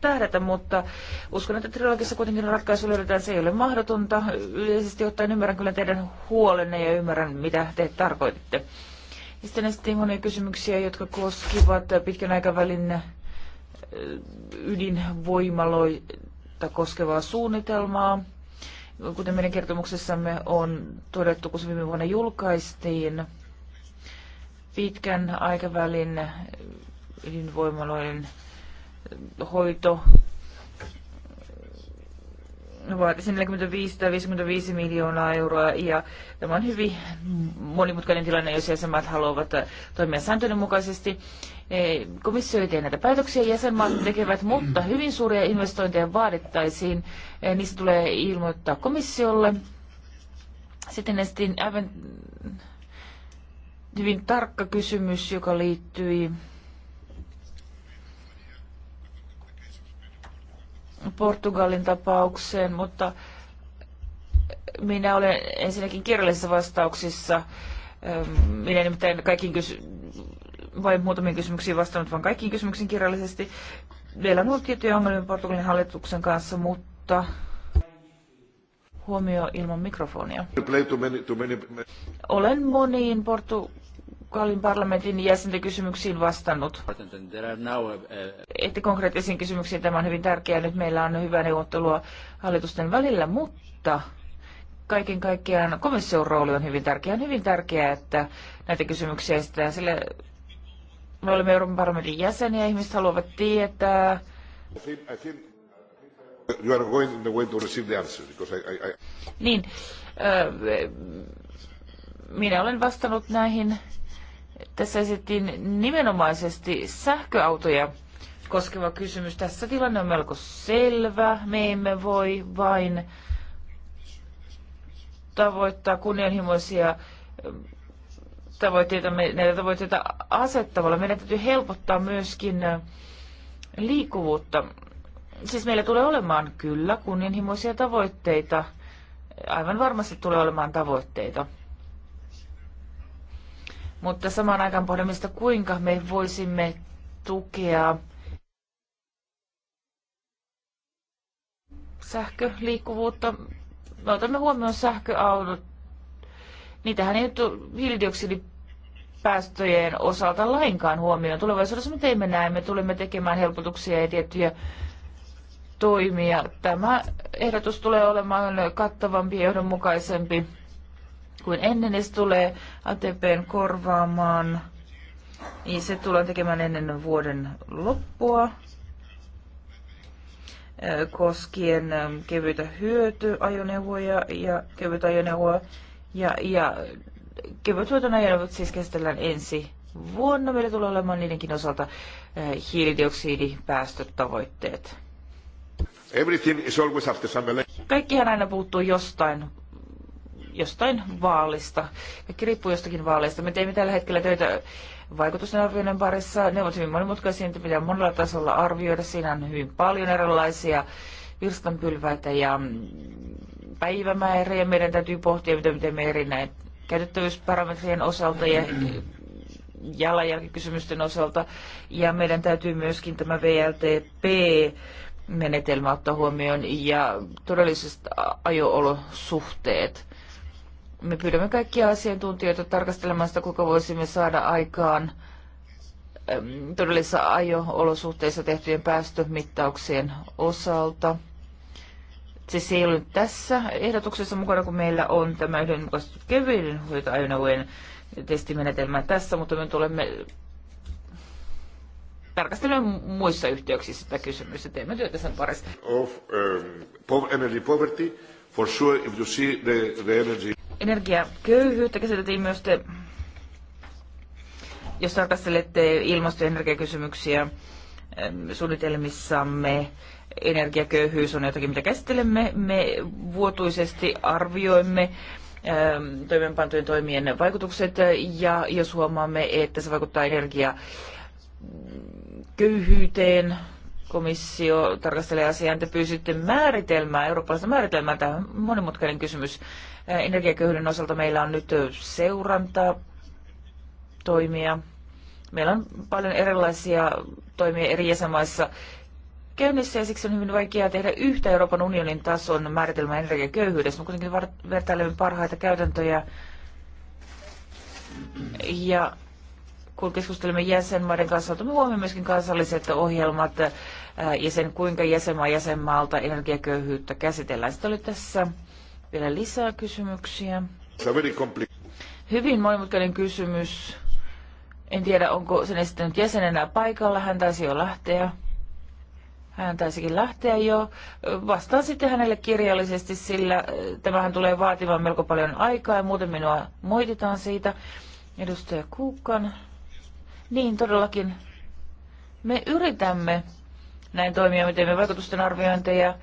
tähdätä, mutta uskon, että trilogissa kuitenkin ratkaisu löydetään. Se ei ole mahdotonta. Yleisesti ottaen ymmärrän kyllä teidän huolenne ja ymmärrän, mitä te tarkoititte. Sitten esitettiin monia kysymyksiä, jotka koskivat pitkän aikavälin äh, ydinvoimaloita koskevaa suunnitelmaa kuten meidän kertomuksessamme on todettu, kun se viime vuonna julkaistiin, pitkän aikavälin ydinvoimaloiden hoito vaatisi 45-55 miljoonaa euroa ja tämä on hyvin monimutkainen tilanne, jos jäsenmaat haluavat äh, toimia sääntöjen mukaisesti. Komissio ei tee näitä päätöksiä, jäsenmaat tekevät, mutta hyvin suuria investointeja vaadittaisiin. Niistä tulee ilmoittaa komissiolle. Sitten aivan hyvin tarkka kysymys, joka liittyi Portugalin tapaukseen, mutta minä olen ensinnäkin kirjallisissa vastauksissa. Ähm, minä nimittäin kaikkiin kysy- vain muutamiin kysymyksiin vastannut, vaan kaikkiin kysymyksiin kirjallisesti. Meillä on ollut tiettyjä ongelmia Portugalin hallituksen kanssa, mutta huomio ilman mikrofonia. Olen moniin Portu Gallin parlamentin jäsenten kysymyksiin vastannut. Ette konkreettisiin kysymyksiin, tämä on hyvin tärkeää. Nyt meillä on hyvää neuvottelua hallitusten välillä, mutta kaiken kaikkiaan komission rooli on hyvin tärkeä. On hyvin tärkeää, että näitä kysymyksiä estetään, Sille, me olemme Euroopan parlamentin jäseniä, ihmiset haluavat tietää. Niin, minä olen vastannut näihin tässä esittiin nimenomaisesti sähköautoja koskeva kysymys. Tässä tilanne on melko selvä. Me emme voi vain tavoittaa kunnianhimoisia ähm, tavoitteita, näitä tavoitteita asettavalla. Meidän täytyy helpottaa myöskin äh, liikkuvuutta. Siis meillä tulee olemaan kyllä kunnianhimoisia tavoitteita. Aivan varmasti tulee olemaan tavoitteita mutta samaan aikaan pohdimista, kuinka me voisimme tukea sähköliikkuvuutta. Me otamme huomioon sähköautot. Niitähän ei nyt hiilidioksidipäästöjen osalta lainkaan huomioon. Tulevaisuudessa me teemme näin. Me tulemme tekemään helpotuksia ja tiettyjä toimia. Tämä ehdotus tulee olemaan kattavampi ja johdonmukaisempi kuin ennen, ja se tulee ATPn korvaamaan. niin se tulee tekemään ennen vuoden loppua koskien kevyitä hyötyajoneuvoja ja kevyitä ajoneuvoja. Ja, ja kevyet ajoneuvot siis käsitellään ensi vuonna. Meillä tulee olemaan niidenkin osalta hiilidioksidipäästötavoitteet. Everything is always after some Kaikkihan aina puuttuu jostain jostain vaalista. Kaikki riippuu jostakin vaaleista. Me teemme tällä hetkellä töitä vaikutusten arvioinnin parissa. Ne ovat hyvin monimutkaisia, niitä pitää monella tasolla arvioida. Siinä on hyvin paljon erilaisia virstanpylväitä ja mm, päivämääriä. Meidän täytyy pohtia, mitä me teemme eri näin käytettävyysparametrien osalta ja jalanjälkikysymysten osalta. Ja meidän täytyy myöskin tämä VLTP menetelmä ottaa huomioon ja todelliset ajo-olosuhteet me pyydämme kaikkia asiantuntijoita tarkastelemaan sitä, kuinka voisimme saada aikaan todellisissa ajo-olosuhteissa tehtyjen päästömittauksien osalta. Siis se ei ole tässä ehdotuksessa mukana, kun meillä on tämä yhdenmukaistettu kevyiden hoitoajoneuvojen testimenetelmä tässä, mutta me tulemme tarkastelemaan muissa yhteyksissä tätä kysymystä. Teemme työtä sen parissa. Of, um, energy poverty, for sure if you see the, the energy energiaköyhyyttä käsiteltiin myös te, jos tarkastelette ilmasto- ja energiakysymyksiä ähm, suunnitelmissamme, energiaköyhyys on jotakin, mitä käsittelemme. Me vuotuisesti arvioimme ähm, toimeenpantojen toimien vaikutukset ja jos huomaamme, että se vaikuttaa energiaköyhyyteen, komissio tarkastelee asiaa, niin te pyysitte määritelmää, eurooppalaista määritelmää, tämä on monimutkainen kysymys. Energiaköyhyyden osalta meillä on nyt seurantaa toimia. Meillä on paljon erilaisia toimia eri jäsenmaissa käynnissä ja siksi on hyvin vaikeaa tehdä yhtä Euroopan unionin tason määritelmää energiaköyhyydestä. Me kuitenkin vertailemme parhaita käytäntöjä ja kun keskustelemme jäsenmaiden kanssa, otamme huomioon myöskin kansalliset ohjelmat ja sen, kuinka jäsenmaa jäsenmaalta energiaköyhyyttä käsitellään. Sitten oli tässä vielä lisää kysymyksiä. Hyvin monimutkainen kysymys. En tiedä, onko sen esittänyt jäsen enää paikalla. Hän taisi jo lähteä. Hän taisikin lähteä jo. Vastaan sitten hänelle kirjallisesti, sillä äh, tämähän tulee vaatimaan melko paljon aikaa ja muuten minua moititaan siitä. Edustaja Kuukan. Niin, todellakin. Me yritämme näin toimia, me teemme vaikutusten arviointeja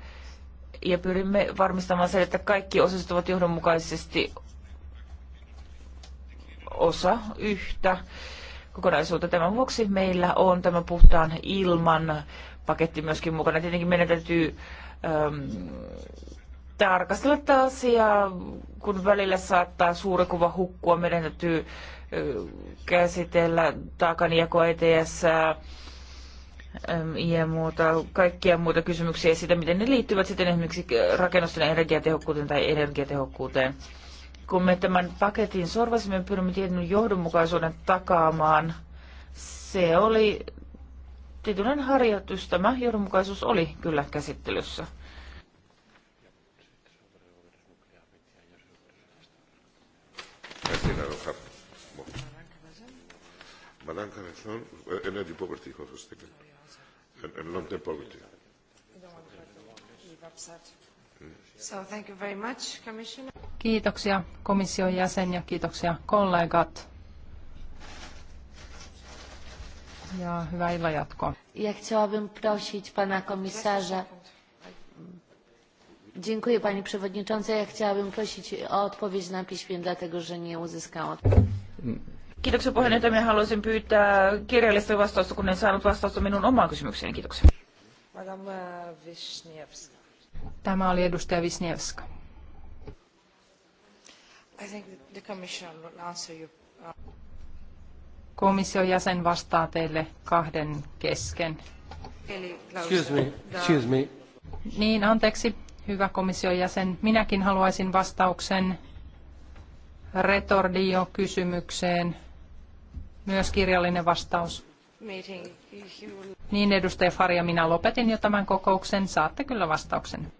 ja pyrimme varmistamaan sen, että kaikki osaset ovat johdonmukaisesti osa yhtä kokonaisuutta. Tämän vuoksi meillä on tämä puhtaan ilman paketti myöskin mukana. Tietenkin meidän täytyy äm, tarkastella tätä asiaa, kun välillä saattaa suuri kuva hukkua. Meidän täytyy äh, käsitellä taakanjakoa ETS, äh, ja muuta, kaikkia muuta kysymyksiä siitä, miten ne liittyvät sitten esimerkiksi äh, rakennusten energiatehokkuuteen tai energiatehokkuuteen. Kun me tämän paketin sorvasimme, pyrimme tietyn johdonmukaisuuden takaamaan. Se oli tietynlainen harjoitus. Tämä johdonmukaisuus oli kyllä käsittelyssä. Madame Carrezon, euh, elle a du pauvre and long-term poverty. So thank you very much, Commissioner. Kiitoksia komission jäsen ja kiitoksia kollegat. Ja hyvää illan jatkoa. Ja chciałabym prosić pana komisarza. Dziękuję pani przewodnicząca. Ja chciałabym prosić o odpowiedź na piśmie, dlatego że nie uzyskałam Kiitoksia puheenjohtaja. Minä haluaisin pyytää kirjallista vastausta, kun en saanut vastausta minun omaan kysymykseeni. Kiitoksia. Äh, Tämä oli edustaja Wisniewska. Komission jäsen vastaa teille kahden kesken. Excuse me. Excuse me. Niin, anteeksi, hyvä komission jäsen. Minäkin haluaisin vastauksen retordio-kysymykseen. Myös kirjallinen vastaus. Niin edustaja Faria, minä lopetin jo tämän kokouksen. Saatte kyllä vastauksen.